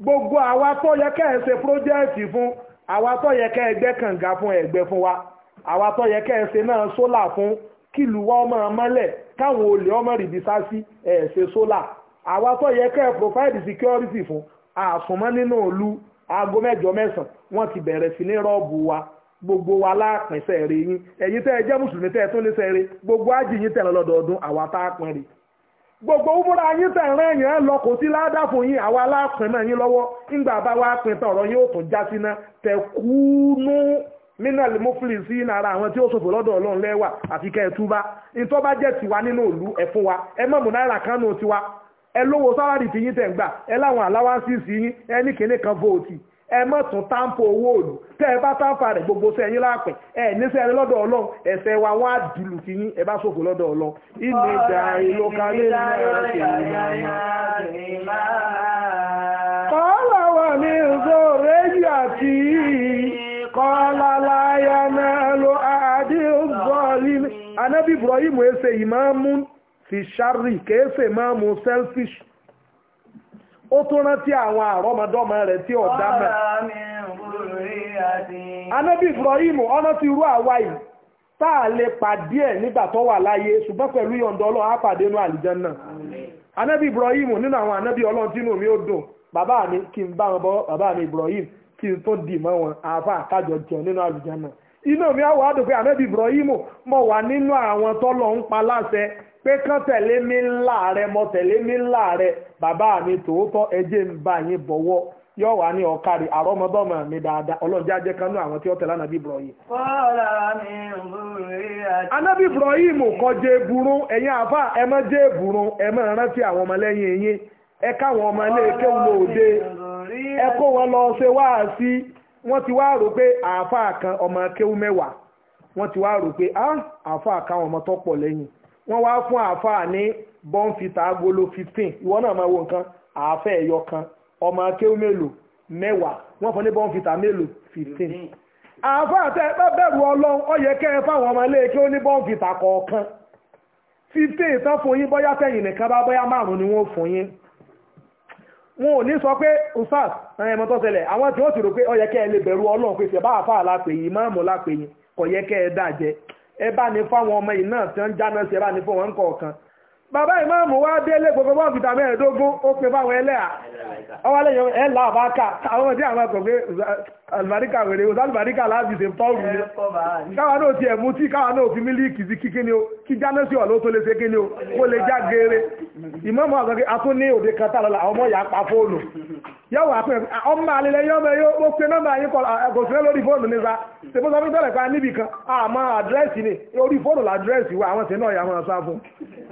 Speaker 3: gbogbo àwa tó yẹ kẹ́ ẹ ṣe pírójẹ́ẹ̀tì fún àwa tó yẹ kẹ́ ẹ gbẹ́ kànga fún ẹ̀gbẹ́ fún wa àwa tó yẹ kẹ́ ẹ ṣe náà sólà fún kílùú wa ọmọ ọmọlẹ̀ káwọn olè ọmọ rìbísà sí ẹ̀ ṣe sólà àwa tó yẹ kẹ́ ẹ̀ provide security fún asụmọ nínú òlu aago mẹ́jọ ti bẹ̀rẹ̀ sí ní rọ́ọ̀bù gbogbo wa láàpín sẹ́ẹ̀rẹ̀ yín ẹ̀yin tẹ́ ẹ jẹ́ mùsùlùmí tẹ́ ẹ tún lé gbogbo ájì yín tẹ̀ lọ́dọọdún àwa tá a pín rè gbogbo wúmúra yín tẹ̀ lọ kò sí fún yín àwa náà yín lọ́wọ́ ńgbà bá wa tán ọ̀rọ̀ yóò tún já síná tẹ̀ sí ara àwọn tí ó lọ́dọ̀ ọlọ́run lẹ́wà àfi kẹ́ ẹ túbá bá jẹ́ tiwa tiwa ẹ lówó sálárì tí yín tẹ̀ ń gbà ẹ láwọn aláwáńsíìsì yín ẹ ní kinní kan vóòtì ẹ má tún táǹpù owó òòlù tẹ́ ẹ bá táǹpà rẹ̀ gbogbo sẹ́ yín láàpẹ̀ ẹ níṣẹ́ rẹ lọ́dọ̀ ọlọ́run ẹ̀ṣẹ̀ wa wọ́n á dìlù sí yín ẹ bá ṣòfò lọ́dọ̀ ọlọ́run ìní ìjà ìlú kalẹ̀ ní ìzọ̀rẹ́ yàtí kọ́lá láyà náà lo àdéhùn zọ́ọ̀lì fi ṣárì kéèfè máa selfish o tún rántí àwọn àrọ́mọdọ́mọ rẹ̀ tí ọ̀dá mẹ́
Speaker 1: anábì Ibrahim
Speaker 3: ọ̀nà ti rú àwa yìí tá a lè pàdé ẹ̀ nígbà tó wà láyé ṣùgbọ́n pẹ̀lú yọ̀ǹda Ọlọ́run á pàdé inú àlìjánná anábì Ibrahim nínú àwọn mi ó dùn bàbá mi bá wọn bọ́ wọn àáfà àkájọ nínú inú mi á wà á dùn pé anábì Ibrahim mọ̀ wà nínú pé kán tẹ̀lé mi ńlá rẹ mo tẹ̀lé mi ńlá rẹ bàbá mi tòótọ́ ẹjẹ́ ń bá yín bọ̀wọ́ yóò wá ní ọ̀kárì àrọ́mọdọ́mọ mi àwọn tí ó tẹ̀lé anabi ibrahim.
Speaker 1: kọ́lá mi ń borí àti. eme ibrahim kò jẹ́
Speaker 3: burú ẹ̀yin jẹ́ burú rántí àwọn ọmọlẹ́yìn yín ọmọ ilé kéwù wọn lọ ṣe ọmọ kéwù ah, ọmọ tó pọ̀ wọ́n wá fún àáfàá ní bọ́ǹfìtà agolo fifteen ìwọ náà máa wo nǹkan àáfẹ́ ẹ̀yọ kan ọmọ akéwú mélòó mẹ́wàá wọ́n fún ní bọ́ǹfìtà mélòó fifteen àáfàá tẹ ẹ bẹ̀rù ọlọ́run ó yẹ kẹ́ ẹ fáwọn ọmọ ilé kí ó ní bọ́ǹfìtà kọ̀ọ̀kan fifteen tán fún yín bóyá tẹ̀yìn nìkan bá bóyá márùn-ún ni wọ́n fún yín wọn ò ní sọ pé usas ẹ̀mọ́ tó ṣẹlẹ̀ àwọn tí ó ti rò pé ó yẹ kẹ́ ẹ lè bẹ̀rù ọlọ́run pé ṣẹ̀ bá àáfàá lápè yìí máàmù lápè yìí kò yẹ kẹ́ ẹ dájẹ́ ẹ bá ní fáwọn ọmọ yìí náà tí wọ́n ń jáná sí ẹ bá ní fún wọn kọ̀ọ̀kan bàbá ìmáàmù wá délé gbogbo bọ́ fìtà mẹ́ẹ̀ẹ́dógún ó pe báwọn ẹlẹ́à ọwọ́lẹ́yìn ẹ̀là àbáka àwọn ọdí àwọn ọkọ̀ pé alùbáríkà wèrè ó sálùbáríkà pọ́ọ̀lù ní káwa náà ti ẹ̀mú tí káwa náà fi mílíìkì sí kíkí ni ó kí jáná sí ọ̀lọ́ tó lè ṣe kíni o ó lè já geere ìmáàmù àwọn atún ní òde kan ọmọ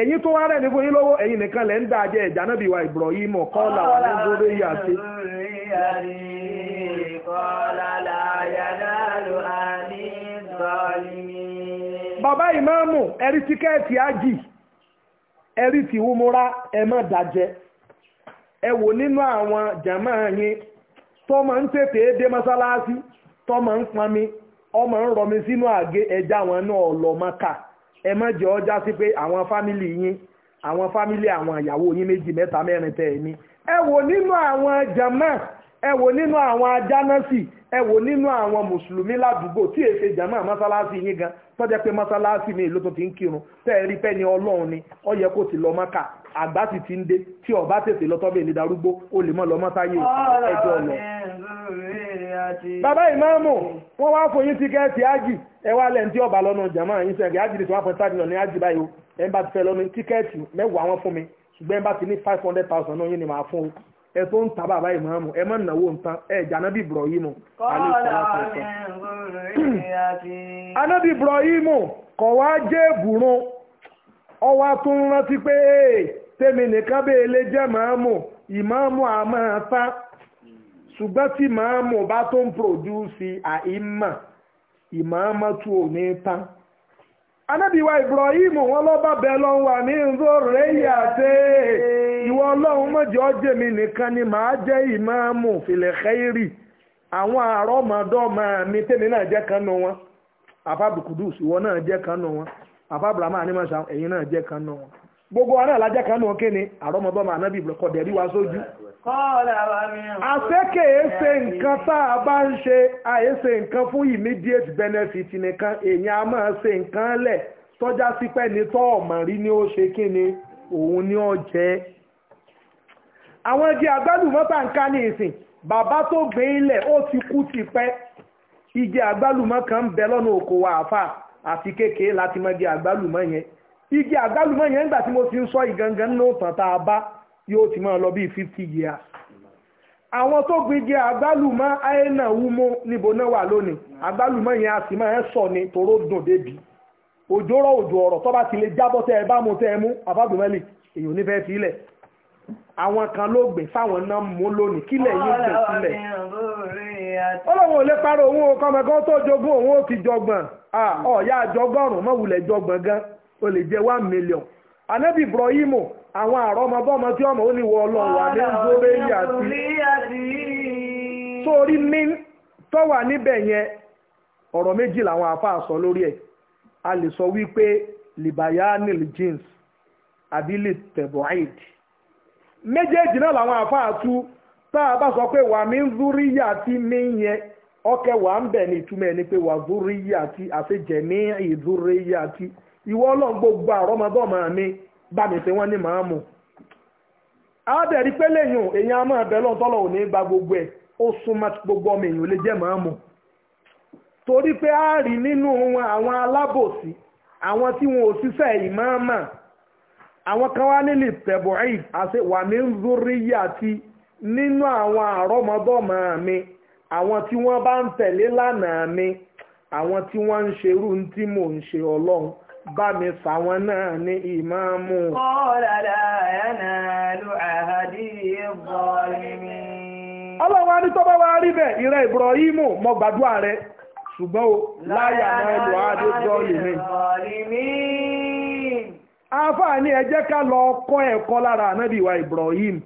Speaker 3: ẹ̀yin tó wá rẹ̀ ní fún yín lọ́wọ́ ẹ̀yin nìkan lẹ́ ń dá ajẹ́ ìjà náà bí wa Ibrahim kọ́lá wà ní gbóre yà sí. bàbá ìmáàmù ẹ̀rí tíkẹ́ẹ̀tì ájì ẹ̀rí tí wúmúra ẹ má dájẹ́ ẹ wò nínú àwọn jàmá yín tó máa ń tètè dé mọ́sálásí tó máa ń pọnmi ọmọ ń rọmi sínú àgé ẹja àwọn náà lọ́ọ́ máa kà. ẹ má jẹ́ ọjà sí pé àwọn fámìlì yín àwọn fámìlì àwọn ìyàwó yín méjì mẹta mẹ́rin tẹ̀ ẹ̀ ní. ẹ wò nínú àwọn jama ẹ wò nínú àwọn ajánásì ẹ wò nínú àwọn mùsùlùmí ládùúgbò gan tọ́jà pé mọ́sálásì mi ló tó ti ń kírun tẹ́ ẹ rí pẹ́ni ọlọ́run ni ó yẹ kó ti lọ àgbà sì ti ń dé tí ọba tètè lè mọ́ lọ ẹjọ́ lọ.
Speaker 1: bàbá ìmáàmù
Speaker 3: wá fún yín ẹ wá lẹ́yìn tí ọba lọ́nà jàmá yín sẹ́yìn kí ájì one point five million ní ájì báyìí o ẹ bá ti fẹ́ lọ́nà tíkẹ́ẹ̀tì mẹ́wàá wọn fún mi ṣùgbọ́n ẹ bá ti ní five hundred thousand náà yín ni màá fún o ẹ tó ń ta bàbá ìmáàmù ẹ má nàwó nǹkan ẹ jànábì Ibrahim anábì Ibrahim kọ̀ wá jẹ́ ìbùrún ọwá tó ń rántí pé tèmi nìkan bẹ́ẹ̀ lè jẹ́ màámù ìmáàmù àmọ́ ta ṣùgbọ́n tí màámù bá tó ń pòdúsì àìmọ̀ ìmáàmátú òní tán anábìwá Ibrahim wọn lọ́ba bẹ́ẹ̀ lọ́n wà ní nzọ́rẹ́ yàtẹ́ ìwọ ọlọ́run mọ̀jọ́ jèmi nìkan ni màá jẹ́ ìmáàmù fìlẹ̀ xẹ́yìrì àwọn àrọ́mọdọ́mọ mi tèmi náà jẹ́ kan nù wọn àfàbùkùdùs ìwọ náà jẹ́ kan nù wọn àfàbùràmà ànímọ̀ṣà ẹ̀yin náà jẹ́ kan nù wọn gbogbo wa náà lájẹ́ kan nù wọn kéne àrọ́mọdọ́mọ anábì kọ̀dẹ̀rí wa sójú. àṣẹ́kèé ṣe nǹkan tá a bá ń ṣe àyèṣe nǹkan fún immediate benefit nìkan èèyàn a máa ṣe nǹkan lẹ̀ tọ́já sí pẹ́ ní tọ́ ọ̀mọ̀ rí ni ó ṣe kí ni òun ni ó àwọn igi àgbálùmọ́tà ń ká ní ìsìn bàbá tó gbìn ilẹ̀ ó ti kú ti pẹ́ igi àgbálùmọ́ kan ń bẹ lọ́nà oko wa àfà àti kékeré láti mọ igi àgbálùmọ́ yẹn igi àgbálùmọ́ yẹn nígbà tí mo fi ń sọ ìgangan ní òtàn tá a bá yóò ti máa lọ bíi fifty years àwọn tó gbin jẹ àgbálùmọ́ àìnà wúmọ níbo náà wà lónìí àgbálùmọ́ yẹn a sì máa ń sọ ni tòró dùn débi òjò rọ òjò ọ̀rọ̀ tó bá ti lè jábọ́ tẹ́ ẹ bá mu tẹ́ ẹ mú àbádùmẹ́lì èyí ò ní fẹ́ẹ́ filẹ̀ àwọn kan ló gbé fáwọn náà mú lónìí kílẹ̀ yìí gbé sílẹ̀
Speaker 1: ọlọ́run ò lè parọ́ òun
Speaker 3: ò kọ́mọ kan tó jogún òun ò ti jọgbọ̀n ọ̀ọ́yá àjọgọ́rùn-ún mọ̀wulẹ̀ jọgbọ̀n gan ó lè jẹ́ one million anabi Ibrahimu àwọn àrọ́ ọmọ bọ́ọ̀mọ tí ọmọ ó ní wọ ọlọ́run wà ní gbóre yàtí sórí mi tó wà níbẹ̀ yẹn ọ̀rọ̀ méjì a lè sọ wípé jeans abili méjèèjì náà làwọn tú tá a bá sọ pé wà mí mi wà ń bẹ̀ ní ìtumọ̀ pé wà zúrí mi. bá mi pé wọ́n ní a àádẹ́rí pé lẹ́yìn èèyàn máa bẹ̀ lọ́n tọ́lọ̀ ò ní gba gbogbo ẹ̀ ó súnmọ́ gbogbo ọmọ èèyàn lè jẹ́ màámù torí pé a rí nínú àwọn alábòsí àwọn tí wọn ò ṣiṣẹ́ àwọn kan wá nílì àti wà ní ti nínú àwọn àrọ́mọdọ́mọ mi àwọn tí wọ́n bá ń tẹ̀lé lánàá mi àwọn tí wọ́n ń ṣerú ní tí mò ba mi ni náà ní ìmáàmù. lu ọlọ́wọ́ ní tọ́ bá wá rí ìrẹ́ mo gbàdúrà ṣùgbọ́n o láyà náà lu àfààní ká lọ kọ́ ẹ̀kọ́ lára ànábì wa Ibrahim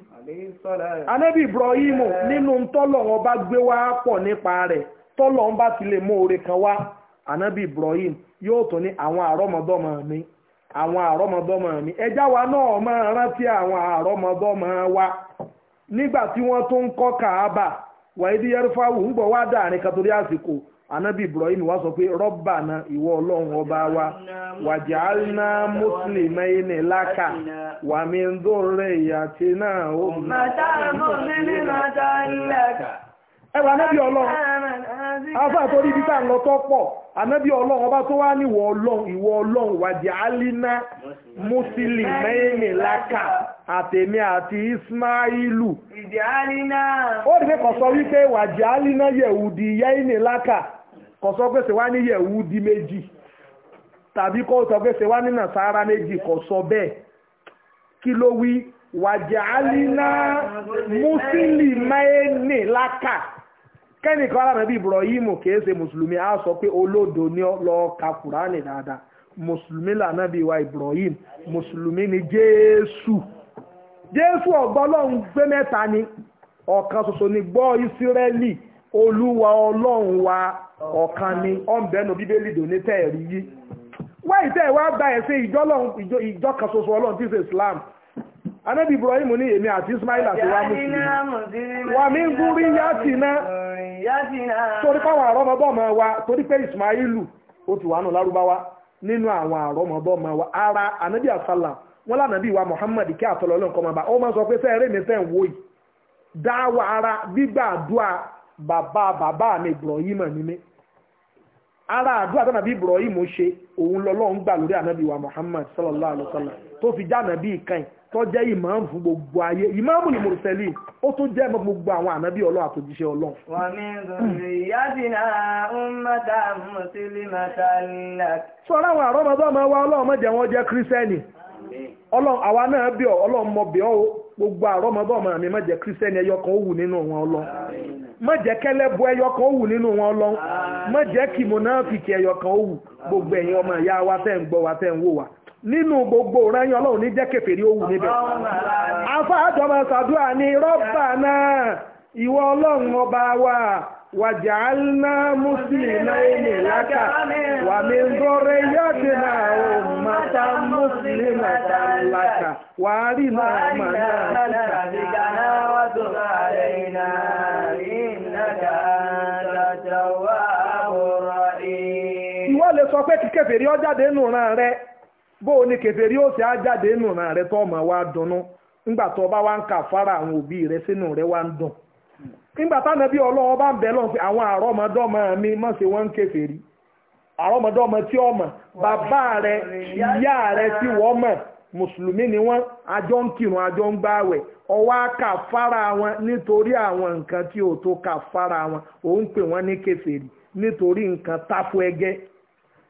Speaker 3: ànábì Ibrahimu nínú tọ́lọ̀ wọn bá gbé wá pọ̀ nípa rẹ̀ tọ́lọ̀ wọn bá ti lè mú oore kan wá ànábì Ibrahim. yóò tún ní àwọn mi àwọn àrọ́mọdọ́mọ mi ẹjá wa náà máa rántí àwọn àrọ́mọdọ́mọ wa nígbà tí wọ́n tún kọ́ kàábà wàídí yẹrúfáwù ń gbọ́ wá dáàrin kàtórí àsìkò anabi ibrahim sọ pé rọ́bà na ìwọ ọlọ́run ọba wa wàjálná mùsùlùmí ní lákà wà mí ń dóore ìyàtí náà ó màtá mọ́ mi ní màtá ń lẹ́kà. ẹwà anábì ọlọ́run
Speaker 1: afá
Speaker 3: lọ tó pọ̀ anábì ọlọ́run ọba tó wá níwọ̀ ọlọ́run ìwọ ọlọ́run wàjẹ́ musili àtẹ̀mí ismailu. ó rí kò sọ wípé wàjẹ́ alina yẹ̀wùdì yẹ́yìnì láka kò sọ pé ní méjì tàbí kó sọ pé ní nàṣàrà méjì kẹ́nìkan alánàbí ibrahimu kìí ṣe mùsùlùmí á sọ pé olódo ni lọ ka kùránì dáadáa mùsùlùmí lànàbí wa ibrahim mùsùlùmí ni jésù jésù ọgbọ́n gbé mẹ́ta ni ọ̀kan ṣoṣo ni gbọ́ ìsírẹ́lì olúwa ọlọ́run ni ọ̀nbẹ́nu bíbélì dòní tẹ̀rí yí wáyé tẹ̀ wá gba ẹ̀sìn ìjọ kan ṣoṣo ọlọ́run tí ṣe islam ibrahim èmi wa mùsùlùmí
Speaker 1: wàmí gúrí yá sí torí káwọn
Speaker 3: àrọ́mọdọ́mọ wa torí pé Ismailu ó ti wà nù lárúbáwá nínú àwọn àrọ́mọdọ́mọ wa ara anabi asala wọn lànàbí wa Muhammad kí àtọlọlọ nǹkan máa bá ọ máa sọ pé sẹ́ẹ̀rẹ́ mi fẹ́ ń wò yìí dáwọ ara gbígbàdúà bàbá bàbá mi Ibrahim ni mi ara àdúrà tó nàbí Ibrahim ṣe òun lọ́lọ́run gbà lórí anabi wa Muhammad sallallahu alayhi wa sallam tó fi já nàbí ìkànnì tó jẹ́ ìmáàmù gbogbo ayé ìmáàmù ni mùrùsẹ̀lì ó tún jẹ́ gbogbo àwọn ànábì ọlọ́ àtòjíṣẹ́ ọlọ́run.
Speaker 1: wà mí zurriyyatina ummatan muslimatan lak.
Speaker 3: sọ́ra àwọn àrọ́mọdé ọmọ wa jẹ́ wọ́n jẹ́ àwa náà bí ọ gbogbo ọmọ mi jẹ́ nínú wọn jẹ́ nínú wọn jẹ́ fìkì gbogbo ọmọ ìyá wa tẹ́ ń wa tẹ́ ń wò nínú gbogbo ìrànyàn ọlọ́run ní jẹ́ kèfèrí owó níbẹ̀ afáàjọmọ sàdúrà ní rọ́bà náà ìwọ ọlọ́run ọba wa wàjàálná mùsùlùmí ní lákà wà mí dọ́rẹ́ yọ́tì náà ó mata mùsùlùmí lákà wà á rí náà mà náà. ìwọ lè sọ pé kí kèfèrí ó jáde nù ràn rẹ. bó ni ní kèfèrí ó sì á jáde nù náà rẹ ọmọ wa dunnú nígbà tó bá wá ń kà fara àwọn òbí rẹ sínú rẹ wa ń dùn nígbà táwọn ẹbí ọlọ́wọ́ bá ń bẹ̀ lọ́n fi àwọn àrọ́mọdọ́mọ mi mọ̀ sí wọ́n ń àrọ́mọdọ́mọ tí bàbá rẹ ìyá rẹ tí wọ́n mọ̀ mùsùlùmí ni wọ́n àjọ ń kírun àjọ ń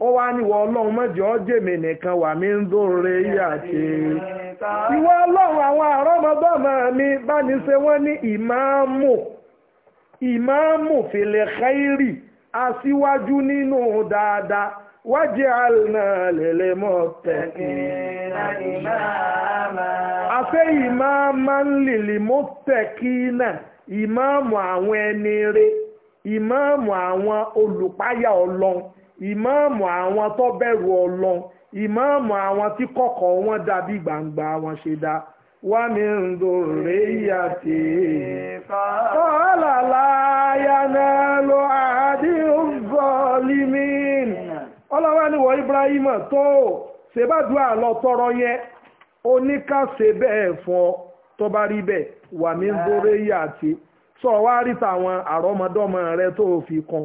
Speaker 3: ó wá níwọ̀ ọlọ́run mọ́jọ́ jèmi nìkan wà mí ń dóore yàtì
Speaker 1: ìwọ ọlọ́run àwọn
Speaker 3: àrọ́mọdọ́mọ mi bá ní ṣe wọ́n ní ìmáàmù ìmáàmù fìlẹ̀ khairi aṣíwájú nínú dáadáa wájẹ́ àlùnà lèlè mọ́ tẹ̀kí àṣẹ ìmáàmà ń lèlè náà ìmáàmù àwọn ẹni rẹ̀ ìmáàmù àwọn ìmáàmù àwọn tó bẹ̀rù ọlọ́run ìmáàmù àwọn tí kọ̀kọ̀ wọn dàbí gbangba wọn ṣe dá wà mí ń dòrè yàtì kọ́làlá yànnà ló àdéhùn zọ́ọ̀lìmí ọlọ́wọ́ ni wọ́n Ibrahim tó ṣèbádùá lọ tọrọ yẹn oníkàṣe bẹ́ẹ̀ fún ọ tó bá rí bẹ́ẹ̀ wà mí ń yàtì sọ wá rí tàwọn àrọ́mọdọ́mọ rẹ tó fi kan.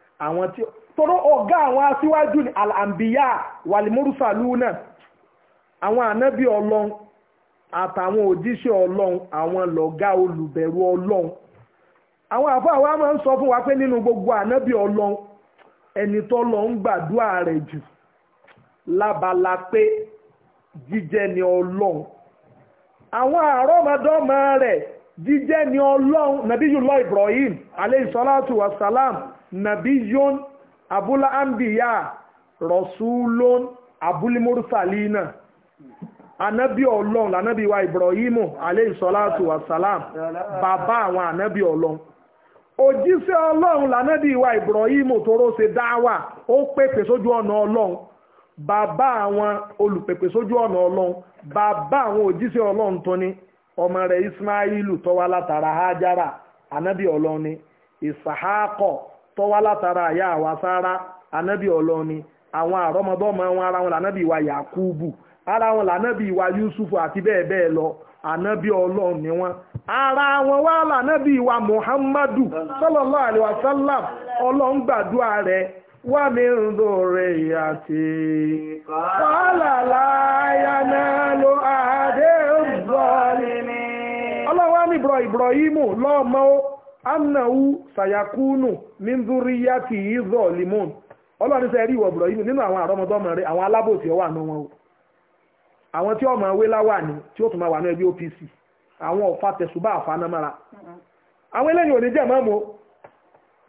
Speaker 3: àwọn tí tọ́rọ ọ̀gá àwọn aṣíwájú ní alàǹbíyà wàlímọ́rúsàlúnà àwọn ànábì ọlọ́run àtàwọn òjíṣẹ́ ọlọ́run àwọn lọ̀gá olùbẹ̀rù ọlọ́run àwọn àfáà wa máa ń sọ fún wa pé nínú gbogbo ànábì ọlọ́run ẹni tó lọ ń gbàdúrà rẹ̀ jù lábala pé jíjẹ́ ni ọlọ́run àwọn àrọ́mọdọ́mọ rẹ̀ jíjẹ́ ni ọlọ́run nàbíyùlọ Ibrahim aleyhisalatu wasalam nabiyun abul anbiya rasulun abul mursalina anabi ọlọ́run lànàbí wa ibrahimu aleyhi salatu wa salam baba àwọn anabi ọlọ́run ojise ọlọ́run lànàbí wa ibrahimu tóró ṣe dáwà ó pèpè sójú ọ̀nà ọlọ́run bàbá àwọn olùpèpè sójú ọ̀nà ọlọ́run bàbá àwọn òjíṣẹ́ ọlọ́run tó ní ọmọ rẹ̀ ismailu tó wá látara hajara anabi ọlọ́run ní isahakọ tó wá látara àyà àwa sára anábì ọlọ́ni àwọn àrọ́mọdọ́mọ wọn ara wọn yakubu ara wọn yusufu àti bẹ́ẹ̀ bẹ́ẹ̀ lọ anábì ọlọ́ni ara wọn wá lànábì muhammadu sallallahu alaihi wasallam ọlọ́n rẹ, wà mí ń dòrè àti kọ́lá láyà náà ń bọ̀ ọlọ́wọ́ Ibrahimu lọ́mọ́ annahu sayakunu minzuriyati izọ limon ọlọ́run sẹ́ rí ìwọ̀ bùrọ̀ yìí nínú àwọn àrọ́mọdọ́mọ rẹ̀ àwọn alábòsí ọwọ́ àná wọn o àwọn tí ọmọ awé láwà ní tí ó tún máa wà ní OPC àwọn ọ̀fà tẹ̀sùbà àfanámára àwọn eléyìí ò ní ma mọ́mọ́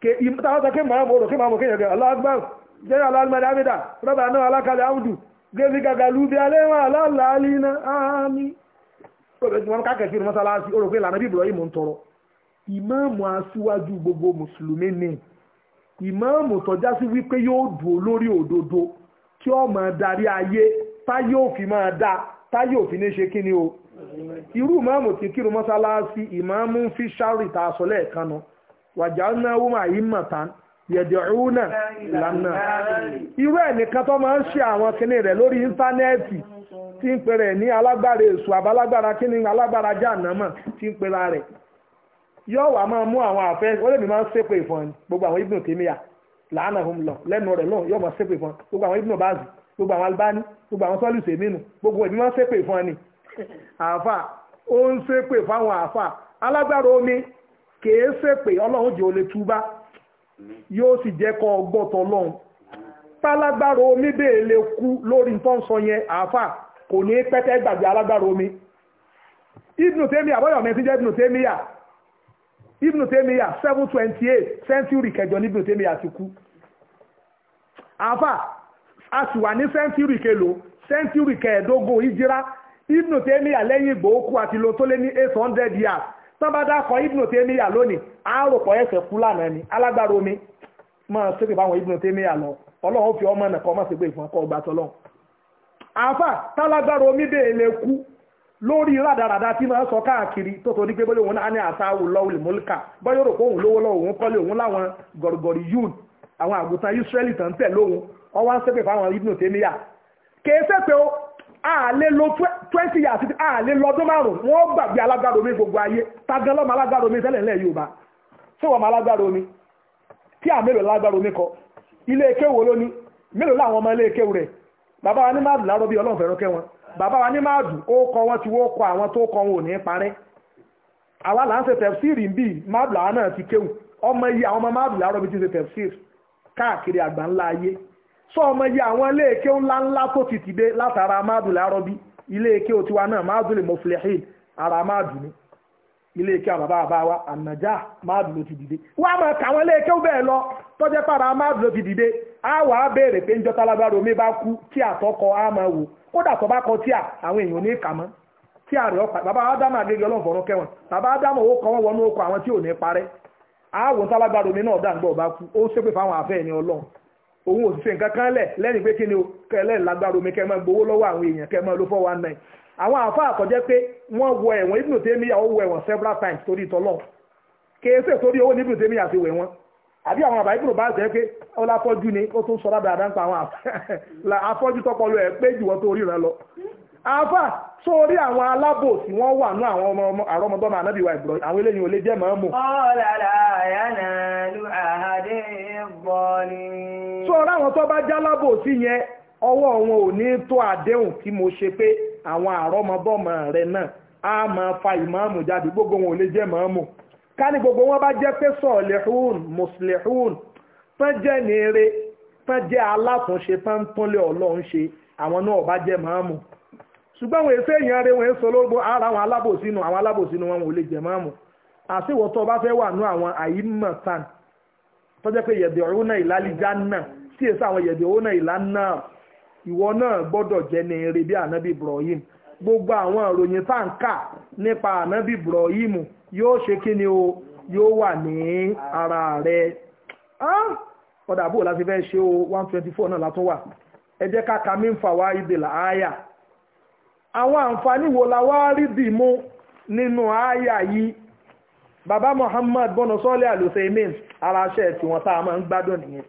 Speaker 3: ke ìmọ̀tàwọ́sọ kí mọ̀mọ́ rò kí mọ̀mọ́ kéèyàn gẹ̀ ọlọ́gbọ́n jẹ́rẹ́ rọ́bà náà alákalẹ̀ gẹ́gẹ́ gàgà alẹ́ ìmáàmù aṣíwájú gbogbo mùsùlùmí ni ìmáàmù tọ́já sí wípé yóò dùn lórí òdodo tí ó máa darí ayé táyé òfin máa dá táyé òfin ní ṣe kíni o irú ìmáàmù tí kírun mọ́sálásí ìmáàmù ń fi ṣáàrì tá a sọ lẹ́ẹ̀kan náà wàjà náà wọ́n máa yí mọ̀ tán yẹ̀dẹ̀rúnà ìlànà irú ẹnìkan tó máa ń ṣe àwọn kíní rẹ̀ lórí íńtánẹ́ẹ̀tì tí ń pèrè ní alágbára èṣù àbálágbára kíní alágbára jáànámà tí ń pèrà rẹ̀ yóò wá máa mú àwọn àfẹ́ wọ́n lè mi máa ń ṣépè fún gbogbo àwọn ibùdó tèmíyà làánà hom lọ lẹ́nu rẹ̀ lọ́hùn yóò máa ṣépè fún gbogbo àwọn ibùdó báàzì gbogbo àwọn albani gbogbo àwọn sọ́ọ̀lù sèmínú gbogbo ẹ̀mí máa ń ṣépè fún ni àáfà ó ń ṣépè fún àwọn àáfà alágbára omi kèé ṣépè ọlọ́run jẹ́ olè túbá yóò sì jẹ́ kọ́ ọgbọ́tọ̀ ọlọ́run pálágbára omi bẹ́ẹ̀ lè kú lórí nǹkan sọ yẹn àáfà kò ní pẹ́tẹ́ gbàgbé alágbára omi ibùdó tèmíyà bọ́yọ̀ ibnu temiya 728 century kẹjọ ní ibnu temiya ti kú àfà a sì ní century kelo century kẹẹ̀ẹ́dógún ìjírá ibnu temiya lẹ́yìn ìgbòókù àti lo tó lé ní 800 years tán kọ ibnu temiya lónìí ẹsẹ̀ kú lánàá ni alágbára omi máa báwọn ibnu temiya lọ ọlọ́run fi ọmọ ṣègbè ìfọ̀nkọ́ ọgbà tọ́lọ́ tálágbára omi bẹ́ẹ̀ lórí rádaràdà tí máa ń sọ káàkiri tó torí pé bóyá òun náà ní àtàwù lọ́wùlì mọ́líkà bóyá yóò rò pé òun lówó lọ́wọ́ òun kọ́lé òun láwọn gọ̀rọ̀gọ̀rì yún àwọn àgùntàn Ísírẹ́lì tàn tẹ̀ lóhun ọwọ́ ń sẹ́pẹ̀ fáwọn Ibn Taymiyyah kèé sẹ́pẹ̀ o àlè lo twenty years títí àlè lọ́dún márùn-ún wọ́n gbàgbé alágbára omi gbogbo ayé tagan lọ́mọ alágbára omi tẹ́lẹ̀ ńlẹ̀ Yorùbá tí wọ́n mọ alágbára omi tí àmélòó lágbára omi kọ ilé ekéwo lóní mélòó làwọn bàbá wa ní máàdù ó kọ wọn tí wọ́n kọ àwọn tó kọ wọn ò ní parẹ́ àwa là ń ṣe tẹ̀fsìrì ń náà ti kéwù ọmọ iye àwọn ọmọ máàdù làárọ̀ ti ṣe tẹ̀fsìrì káàkiri àgbà ńlá ayé sọ ọmọ iye àwọn ilé eke ńlá ńlá tó ti tìde látara máàdù làárọ̀ ilé òtiwa náà ara ilé ike àbàbà àbá wa ànàjà máàdù ló ti dìde wọ́n á máa kàwọn ilé ike bẹ́ẹ̀ lọ tọ́jẹ́ para máàdù ló ti dìde á wà á béèrè pé njọ́ tálágbára omi bá kú tí àtọ́kọ á máa wò kódà tó bá kọ tí à àwọn èèyàn ní ìkà mọ́ tí àrẹ̀ ọ̀pá bàbá ádámù àgbègbè ọlọ́fọ̀ọ́rọ́ kẹwọn bàbá ádámù owó kan wọnú oko àwọn tí ò ní parẹ́ àwọn tálágbára omi náà dàgbọ́ ọba kú ó ṣépè fáwọn àfẹ́ ẹni ọlọ́run òun ò sì ṣe nǹkan kan lẹ̀ lẹ́yìn pé kí ni o kẹlẹ́ lágbára omi kẹ́ máa gbowó lọ́wọ́ àwọn èèyàn kẹ́ máa ló fọ́ wa náà àwọn àfa àtọ̀jẹ́ pé wọ́n wọ ẹ̀wọ̀n Ibn Taymiyyah ó wọ ẹ̀wọ̀n several times torí ìtọ́lọ́ kéèfé torí owó ní Ibn àti ìwẹ̀ àbí àwọn àbá Ibn Baz jẹ́ pé ó láfọ́jú ni ó tún sọ́dá dáadáa ń pa àwọn afọ́jú tọpọlọ ẹ̀ pé jùwọ́ tó ríran lọ àfa sórí àwọn alábò tí wà ní àwọn ọmọ àrọ́mọdọ́mọ ànábìwá ìbùrọ̀ àwọn eléyìí ò lè jẹ́ màámù. ọ̀làlà àyànà àwọn àrọ́mọbọ́mọ rẹ̀ náà á máa fa ìmáàmù jáde gbogbo wọn ò lè jẹ́ màámù ká ní gbogbo wọn bá jẹ́ pé sọ̀lẹ́hún mùsùlẹ́hún tán jẹ́ nìire tán jẹ́ alátúnṣe tán ń túnlé ọlọ́run ṣe àwọn náà bá jẹ́ màámù ṣùgbọ́n àwọn èso èèyàn rẹ̀ wọ́n ń sọ lóògbó ara àwọn alábòsínú àwọn alábòsínú wọn ò lè jẹ́ màámù àṣewọ̀tọ́ bá fẹ́ wà ní àwọn àyímọ̀tàn tọ́jẹ́ pé yẹ̀bẹ̀ ọ̀rún náà ìlàlíjá náà ìwọ náà gbọ́dọ̀ jẹ́ ní eré bí ànábì Ibrahim gbogbo àwọn ìròyìn tá à ń kà nípa ànábì Ibrahim yóò ṣe kí ni o yóò wà ní ara rẹ ọ̀dà àbúrò láti fẹ́ ṣe o one twenty four náà látún wà ẹ jẹ́ ká ka mí ń fà wá ìdèlà àyà àwọn àǹfààní wo la wá rí dì mú nínú àyà yìí bàbá Muhammad bọ́nà sọ́ọ́lẹ̀ àlùsẹ̀ imin ara ṣẹ́ẹ̀ tí wọ́n tá a máa ń gbádùn nìyẹn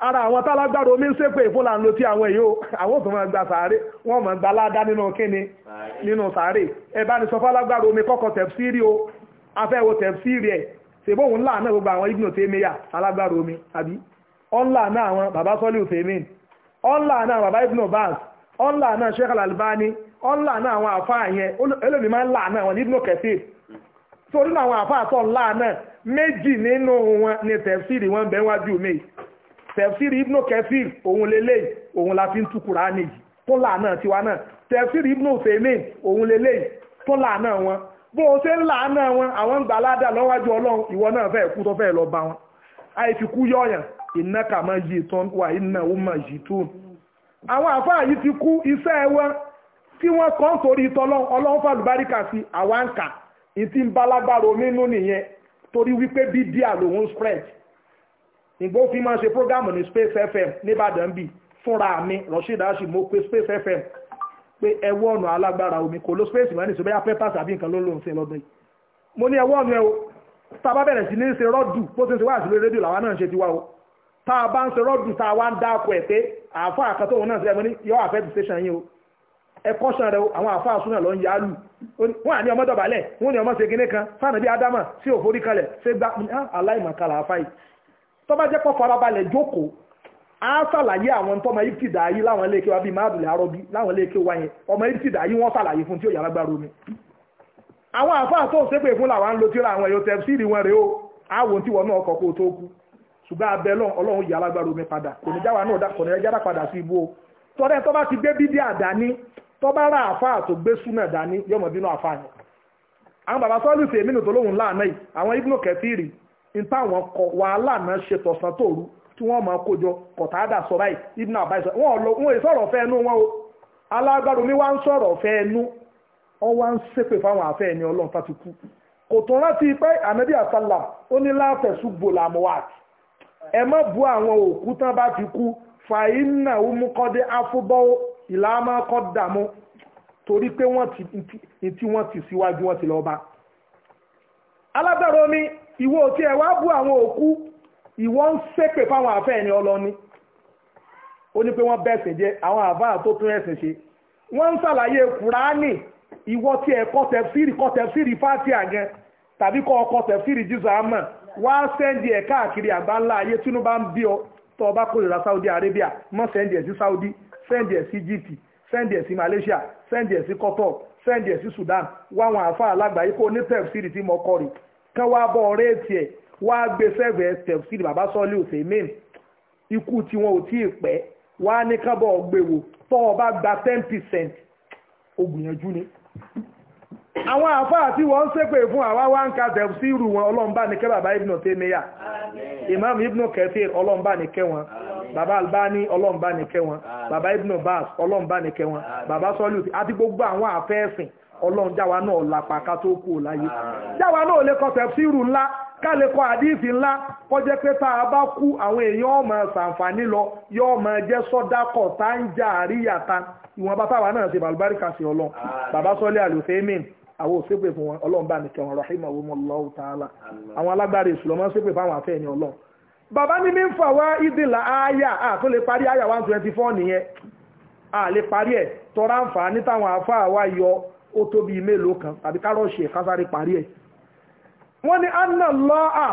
Speaker 3: ara àwọn tálágbára omi ń ṣépè fún làǹlò tí àwọn èyí àwọn òtún máa gba sàárè wọ́n máa gba aládá nínú kíni nínú sàárè ẹ bá sọ omi kọ́kọ́ tẹ̀síìrì o tẹ̀síìrì ẹ̀ òun gbogbo àwọn ibùdó tèmíyà alágbára omi àbí ọ̀nlà náà àwọn bàbá sọ́lì òtèmín ọ̀nlà náà bàbá ibùdó ọ̀nlà náà sheikh alalbani ọ̀nlà náà àwọn ni tẹ̀fsìrì ibnu kẹfìr òun lélẹ̀ òun la fi ń tú Kùránì yìí tó làánà tiwa náà tẹ̀fsìrì ibnu fèmín òun lélẹ̀ tó làánà wọn bó o ṣe ń làánà wọn àwọn gbà ládà lọ́wájú ọlọ́run ìwọ náà fẹ́ kú tó fẹ́ lọ bá wọn àìfikú yọ̀yàn iná kà máa yí tán wà iná ó máa yí tó àwọn àfáà yìí ti kú iṣẹ́ wọn tí wọ́n kàn sórí tọ́lọ́ ọlọ́run fàlùbáríkà sí àwa ń kà ìtì ń bá lágbára omi nínú nìyẹn torí wípé bídíà lòun spread ìgbó fi máa ṣe prógámù ní Space FM nìbàdàn bì fúnra mi Rasheed ashi mo pe Space FM pé ẹwọ́ ọ̀nà alágbára omi kò ló space mọ́ ní ìṣòbẹ́ yá peppers àbí nǹkan ló lóun ṣe lọ́dún yìí mo ní ẹwọ́ ọ̀nà ẹ o tá a bá bẹ̀rẹ̀ sí ní ṣe rọ́dù bó ṣe ń ṣe wá àṣìlẹ̀ rédíò làwa náà ń ṣe ti wá o tá a bá ń ṣe rọ́dù tá a wá ń dá ọkọ̀ ẹ̀ pé àáfà àkàtọ̀ òun náà ṣe ẹ̀mọ́ ní yọ àfẹ́ ti station yín o ẹ kọ́ṣán rẹ o àwọn àáfà àṣúná lọ ń yá lù wọ́n à ní ọmọ dọ̀bálẹ̀ tó bá jẹ́ pọ̀ a jókòó àwọn tọmọ egypt dàáyí láwọn iléeké wa bíi máàdùlẹ̀ arọ́bí láwọn iléeké wa yẹn ọmọ egypt dàáyí wọ́n sàlàyé fún tí ó yàrá gbàrú omi àwọn àfáà tó ń fún làwọn lo àwọn wọn o àwọn tí wọn náà tó kú ṣùgbọ́n abẹ́ ọlọ́run yàrá padà kò ní jáwa náà kò ní padà sí o tọ́lẹ̀ tó ti gbé àdání tó bá ra àfáà tó gbé súnà dání yọmọ bínú àfáà yẹn àwọn n táwọn kọ wàhálà náà ṣe tọ̀sán tòru tí wọ́n máa kójọ kọ̀tàdà sọ báyìí ibn abbas wọn lọ wọn ìsọ̀rọ̀ fẹ́ ẹnu wọn o alágbàdo mi wá ń sọ̀rọ̀ fẹ́ ẹnu wọn wá ń ṣépè fáwọn àfẹ́ ẹni ọlọ́run tá ti kú kò tó rántí pé ànábì àsálà ó ní láfẹ̀sù gbòlà mọ́wàtì ẹ má bu àwọn òkú tán bá ti kú fàyínà òmùkọ́dé afúbọ́ ìlàmà torí pé wọ́n ti wọ́n ti síwájú wọ́n ti lọ́ọ́ bá alágbàdo ìwọ tí ẹ wá bú àwọn òkú ìwọ ń ṣépè fáwọn àfẹ́ ẹni ọlọ́ni ó ní pé wọ́n bẹ̀sẹ̀ jẹ́ àwọn àfáà tó tún ẹ̀sìn ṣe wọ́n ń ṣàlàyé kùránì ìwọ tí ẹ kọ́ tẹ̀fsírì kọ́ tẹ̀fsírì fátíà gan tàbí kọ́ ọkọ̀ tẹ̀fsírì jíza àmọ́ wá sẹ́ndì ẹ̀ káàkiri àgbáńlá ayé tínú ń bí ọ tó o bá kórìíra Saudi Arabia mọ́ sẹ́ndì ẹ̀ sí Saudi sẹ́ndì ẹ̀ sí Egypt sẹ́ndì ẹ̀ sí Malaysia sẹ́ndì ẹ̀ sí Qatar sẹ́ndì ẹ̀ sí Sudan wáwọn àfáà lágbàáyé kó ní tẹ̀fsírì tí mo kọ́ rí kán wá bọ́ ọ̀rẹ́ tiẹ̀ wá gbé sẹ́fẹ̀ tẹ̀síìlì bàbá sọ́ọ́lì òsè mẹ́m ikú tí wọn ò tí ì pẹ́ wá ní kábọ̀ ọ̀gbẹ̀wò tọ́ ọ bá gba ten percent ògbìyànjú ni. àwọn àfáà tí wọ́n ń ṣépè fún àwa wá ń ka tẹ̀síìlù wọn ọlọ́mbà ní kẹ́ bàbá ibùnà tẹ́mẹ́yà imam ibùnà kẹfẹ́ ọlọ́mbà ní kẹ́ wọn bàbá albani ọlọ́mbà ní kẹ́ wọn bàbá ibùnà bas ọlọ́mbà ní kẹ́ wọn bàbá sọ́ọ́lì àti gbogbo àwọn àfẹ́ẹ̀sìn ọlọ́run jáwa náà lápá ká tó kú láyé jáwa náà lè kọ́ tẹ̀síìrù ńlá ká lè kọ́ àdífì ńlá kọjẹ́ pé tá a bá kú àwọn èèyàn ọmọ ṣàǹfààní lọ yóò mọ jẹ́ sọ́dákọ̀ tá ń jà àríyàta ìwọ̀n bá táwa náà ṣe bàlùbáríkà sí ọlọ́run bàbá sọ́lé àlùfẹ́mìn àwọn òṣèpè fún ọlọ́run bá ní kẹwọn rahima wọn lọ́wọ́ tààlà àwọn alágbára èṣù lọ́mọ ṣépè fáwọn afẹ́ ni ọlọ́run bàbá ní mi ń fà wá ìdìlà ááyà àtó lè parí ááyà one twenty four nìyẹn à lè parí ẹ̀ tọ́ra ń fà á ní táwọn afá wa yọ ó tó bíi mélòó kan àbí kárọ̀ọ̀ṣì ẹ̀ kásáré parí ẹ̀ wọ́n ní anna lọ́à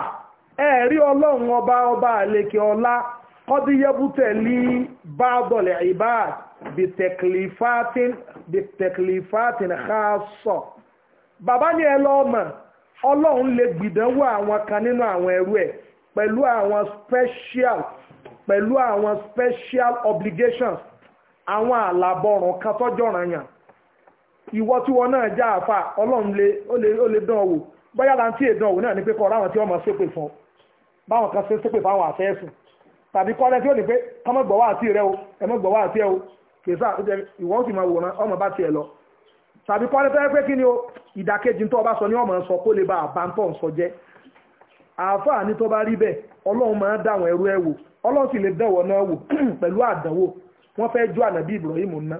Speaker 3: ẹ̀rí ọlọ́run ọba ọba àlekè ọlá kọ́díyẹ́bùtẹ̀ lí báàbọ̀lẹ̀ ibad bìtẹ̀kìlìfàtìn xaasọ̀ bàbá ní ẹ lọ́ọ̀mà ọlọ́run lè gbìdánwò àwọn kan nínú àwọn ẹrú ẹ̀ pẹ̀lú àwọn special pẹ̀lú àwọn special obligations àwọn àlàbọ̀ràn kan tọ́jọ́ràn yàn ìwọ tí wọn náà já àfà ọlọ́run lè ó lè dán wò bóyá láǹtí èdán wò náà ni pé kọ́ ọ̀rọ̀ àwọn tí wọ́n mọ̀ ṣépè fún báwọn kan ṣe ṣépè fáwọn àfẹ́sùn tàbí kọ́lẹ́ tí ó ní pé kọ́mọ́ gbọ̀wọ́ àti rẹ o ẹ̀mọ́ gbọ̀wọ́ àti ẹ o kèsà ìwọ́n sì máa wòran ọmọ bá tiẹ̀ lọ tàbí kọ́lẹ́ tó yẹ pé kí ni o ìdàkejì tó bá sọ ní ọmọ sọ kó lè bá àbántọ̀ sọ jẹ́ àáfàá ní tó bá rí bẹ́ẹ̀ ọlọ́run máa dáwọn ẹrú ẹ̀ wò ọlọ́run sì lè dẹ̀wọ̀ náà wò pẹ̀lú àdánwò wọ́n fẹ́ jó ànàbí Ibrahim náà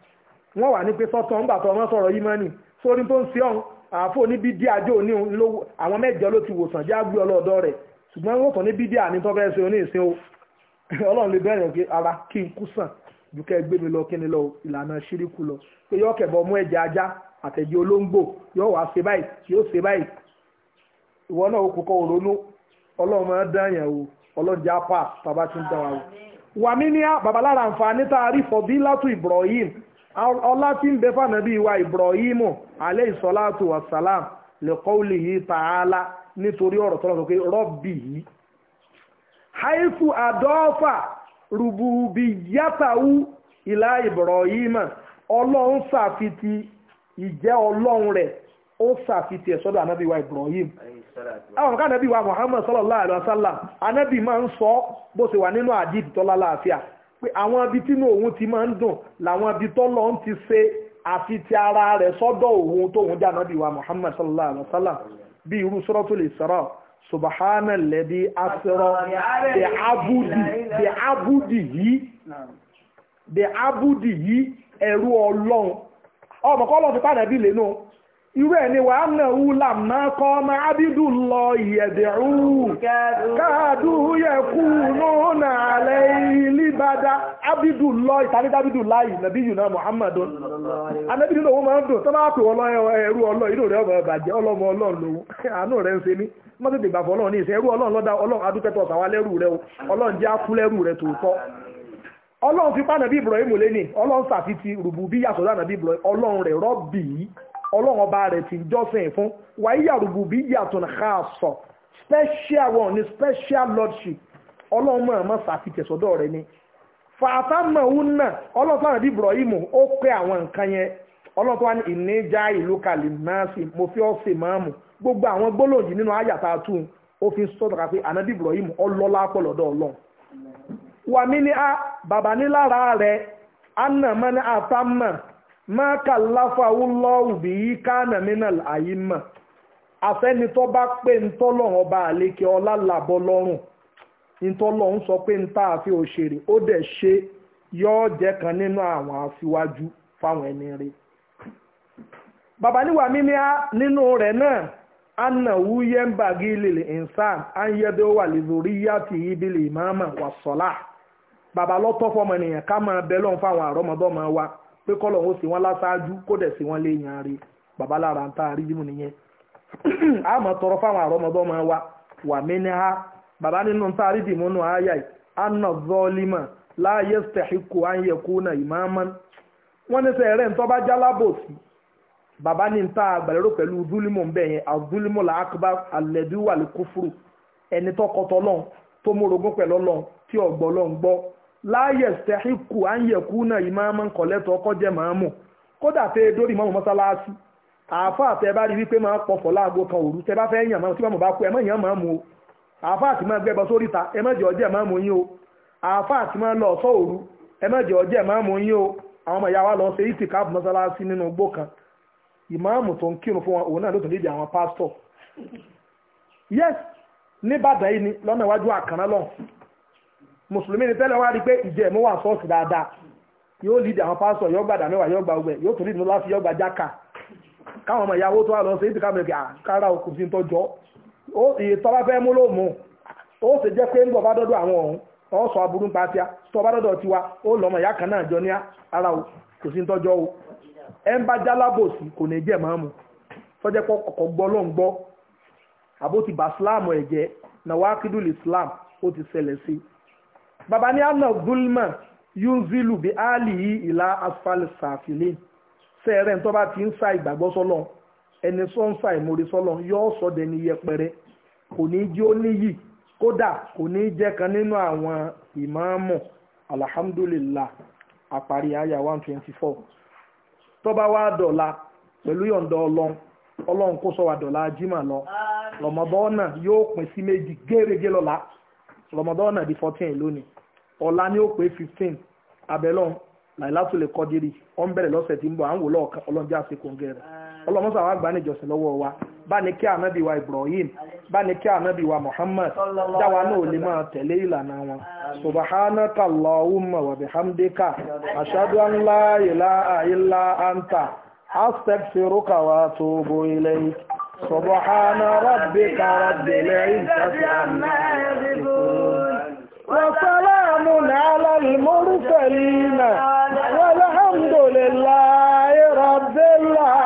Speaker 3: wọ́n wà ní pé sọ́tọ̀ ń bàtọ̀ ọmọ sọ̀rọ̀ yìí mọ́ni sórí tó ń ṣe ọ̀hún àáfò ní bídí àjò òní lówó àwọn mẹ́jọ ló ti wòsàn já gbé ọlọ́ọ̀dọ́ rẹ̀ ṣùgbọ́n wọ́n tàn ní bídí àní tó ṣe oní o ọlọ́run lè bẹ̀rẹ̀ pé ara kí n kú sàn ju kẹ́ gbé mi lọ kí ni lọ ìlànà ṣíríkù lọ pé yọ kẹ̀bọ̀ mú ẹ̀jẹ̀ ajá àtẹ̀jẹ̀ olóńgbò yọ wá ṣe báyìí yóò ṣe báyìí ìwọ náà kò kọ́ òrónú ọlọ́run máa dáyàn o ọlọ́run já pa bàbá tí ń dá wa o wàmí ní babalára àǹfààní tá a rí fọdí látú Ibrahim ọlá tí ń bẹ fànàbí wa ibrahimu aleyhi salatu wa salam li qawlihi ta'ala nítorí ọ̀rọ̀ tọ́lá sọ pé rọ́bì yìí haifu adọ́fà rububi yàtàwù ìlà ibrahima ọlọ́run sàfitì ìjẹ́ ọlọ́run rẹ̀ ó sàfitì ẹ̀ anabi wa ibrahim àwọn kan ànábì wa muhammad sallallahu alaihi wa sallam anabi máa ń sọ bó ṣe wà nínú àdìtì tọ́lá láàfíà pé àwọn ibi tínú òun ti máa ń dùn làwọn ibi tọ́lọ́ ń ti ṣe àfi ti ara rẹ̀ sọ́dọ̀ òun tóun jẹ́ ànábì wa Muhammad sallallahu alaihi wa sallam bí irú suratul Isra subahana lẹ́bí asra bí abudi bí abudi yìí bí abudi yìí ẹ̀rú ọlọ́run ọmọkọ́ ọlọ́run ti pàdé bí lẹ́nu irú ẹ̀ ni wà á nà wúlàm náà kọ́ ọmọ ábídù lọ ìyẹ̀dẹ̀rú káàdù yẹ kú lónà alẹ́ itali ábídù lọ ìtàníta ábídù láì nàbí yìí náà Muhammadun anábì nínú òun máa ń dùn tó máa pè wọ́n ẹrú ọlọ́ inú rẹ̀ ọmọ ìbàjẹ́ ọlọ́mọ àánú ń mí tètè ọlọ́run ọba rẹ̀ ti jọ́sìn fún wàyí àrùbù bí yàtọ̀ káàsọ̀ special one ni special lordship ọlọ́run mọ̀ ọmọ sàfitẹ̀ sọ́dọ̀ rẹ̀ ni fàtà mọ̀ọ́hún náà ọlọ́run sọ̀rọ̀ bí Ibrahim ó pé àwọn nǹkan yẹn ọlọ́run tó wá ní ìníjà ìlú kalẹ̀ náà sí mo fi ọ́ sè máa mú gbogbo àwọn gbólóòjì nínú àyàtà tún ó fi sọ́dọ̀ pé ànábì Ibrahim ọlọ́lá pọ̀lọ́dọ̀ ọlọ́run wàmí ni a bàbá nílára rẹ̀ anamani atamma máa kà láfa wúlọ́ọ̀hùn bí yí káànà mínàl àyímà àfẹ́nitọ́ bá pé ọba àlékè ọlá làbọ́ lọ́rùn ntọ́lọ́run sọ pé ntá àfi òṣèré ó dẹ̀ ṣe yọ́ọ́ jẹ́ kan nínú àwọn afiwájú fáwọn ẹni rí. bàbá níwà mímí á nínú rẹ̀ náà anna wa. pé kọ́lọ̀ wọn sì wọ́n láṣáájú kó dẹ̀ sí wọ́n léèyàn rí bàbá lára ń ta nìyẹn a ma tọrọ fáwọn wa wà mí ní ha bàbá nínú ń ta àrídìmù nù áyà yìí anna zọ́ọ́límà láàyè wọ́n ní ń tọ́ba bàbá ní ń pẹ̀lú ẹni tọkọtọ lọ́n tó pẹ̀lú tí ọ̀gbọ́ gbọ́ láàyè stẹ́híkù à ń yẹ̀kú náà ìmáàmù kọ̀lẹ́tọ̀ ọkọ̀ jẹ́ màámù kódà tẹ́ dórí mọ́mù mọ́sálásí àáfà tẹ́ bá rí wípé máa pọ̀fọ̀ láago kan òru tẹ́ bá fẹ́ yàn tí bá kú ẹ má yàn o àáfà tí máa gbẹ́bọ sórí ta ẹ má jẹ́ ọjẹ́ o àáfà tí máa lọ ọ̀sọ́ òru ẹ jẹ́ ọjẹ́ o àwọn ọmọ ìyá wa lọ ṣe ìtì káàbù mọ́sálásí nínú igbó kan ìmáàmù tó ń kírun fún wọn òun mùsùlùmí ni tẹ́lẹ̀ wá rí pé ìjẹ́ ìmú wà sọ́ọ̀sì dáadáa yóò lídì àwọn pásítọ̀ yóò gbàdá mẹ́wàá yóò gba ọgbẹ́ yóò tún lídì lọ́la sí yóò gba jáka káwọn ọmọ ìyàwó tó wà lọ sí ibi káwọn ẹ̀kẹ́ àkàrà iye tọ́ba fẹ́ mú ló mú ó sì jẹ́ pé ń bọ̀ bá dọ́dọ̀ àwọn ọ̀hún ọ̀ sọ aburú ń patia dọ́dọ̀ tiwa ó lọ́mọ ìyá kan o ẹ ń bá jálábòsì kò ní jẹ́ pọ́ kọ̀kọ́ gbọ́ ló ń gbọ́ àbó ti bá síláàmù ẹ̀jẹ̀ náà wá kídùlì bàbá ní anna gulma yunzilu bi alihi ila asfal safilin sẹ́ẹ̀rẹ́ tó bá ti ń sa ìgbàgbọ́ sọ́lọ́ ẹni sọ ń sa ìmórí sọ́lọ́ yóò sọ dẹni yẹpẹrẹ kò ní jẹ́ ó níyì kódà kò ní jẹ́ kan nínú àwọn ìmáàmù alhamdulillah àparí àyà one twenty four tó bá wá dọ̀la pẹ̀lú yọ̀ǹda ọlọ́run ọlọ́run kó sọ wà dọ̀la jimá lọ rọmọbọ́n náà yóò pín sí méjì gẹ́gẹ́ lọ́la. Ramadan náà di fourteen lónìí ọ̀la ni ó pé fifteen abẹ́lọ́n láìláṣọ lè kọ́ dírì ó ń bẹ̀rẹ̀ lọ́sẹ̀ tí ń bọ̀ à ń wò lọ́ọ̀kan ọlọ́njẹ́ àṣekùngẹ́ ọlọ́mọ́sà wa Ibrahim bá ní kí Muhammad dáwa náà ò lè máa tẹ̀lé ìlànà wọn wa bihamdika ashhadu an la subhana rabbika rabbil izzati amma وسلام
Speaker 1: على المرسلين
Speaker 3: والحمد لله رب العالمين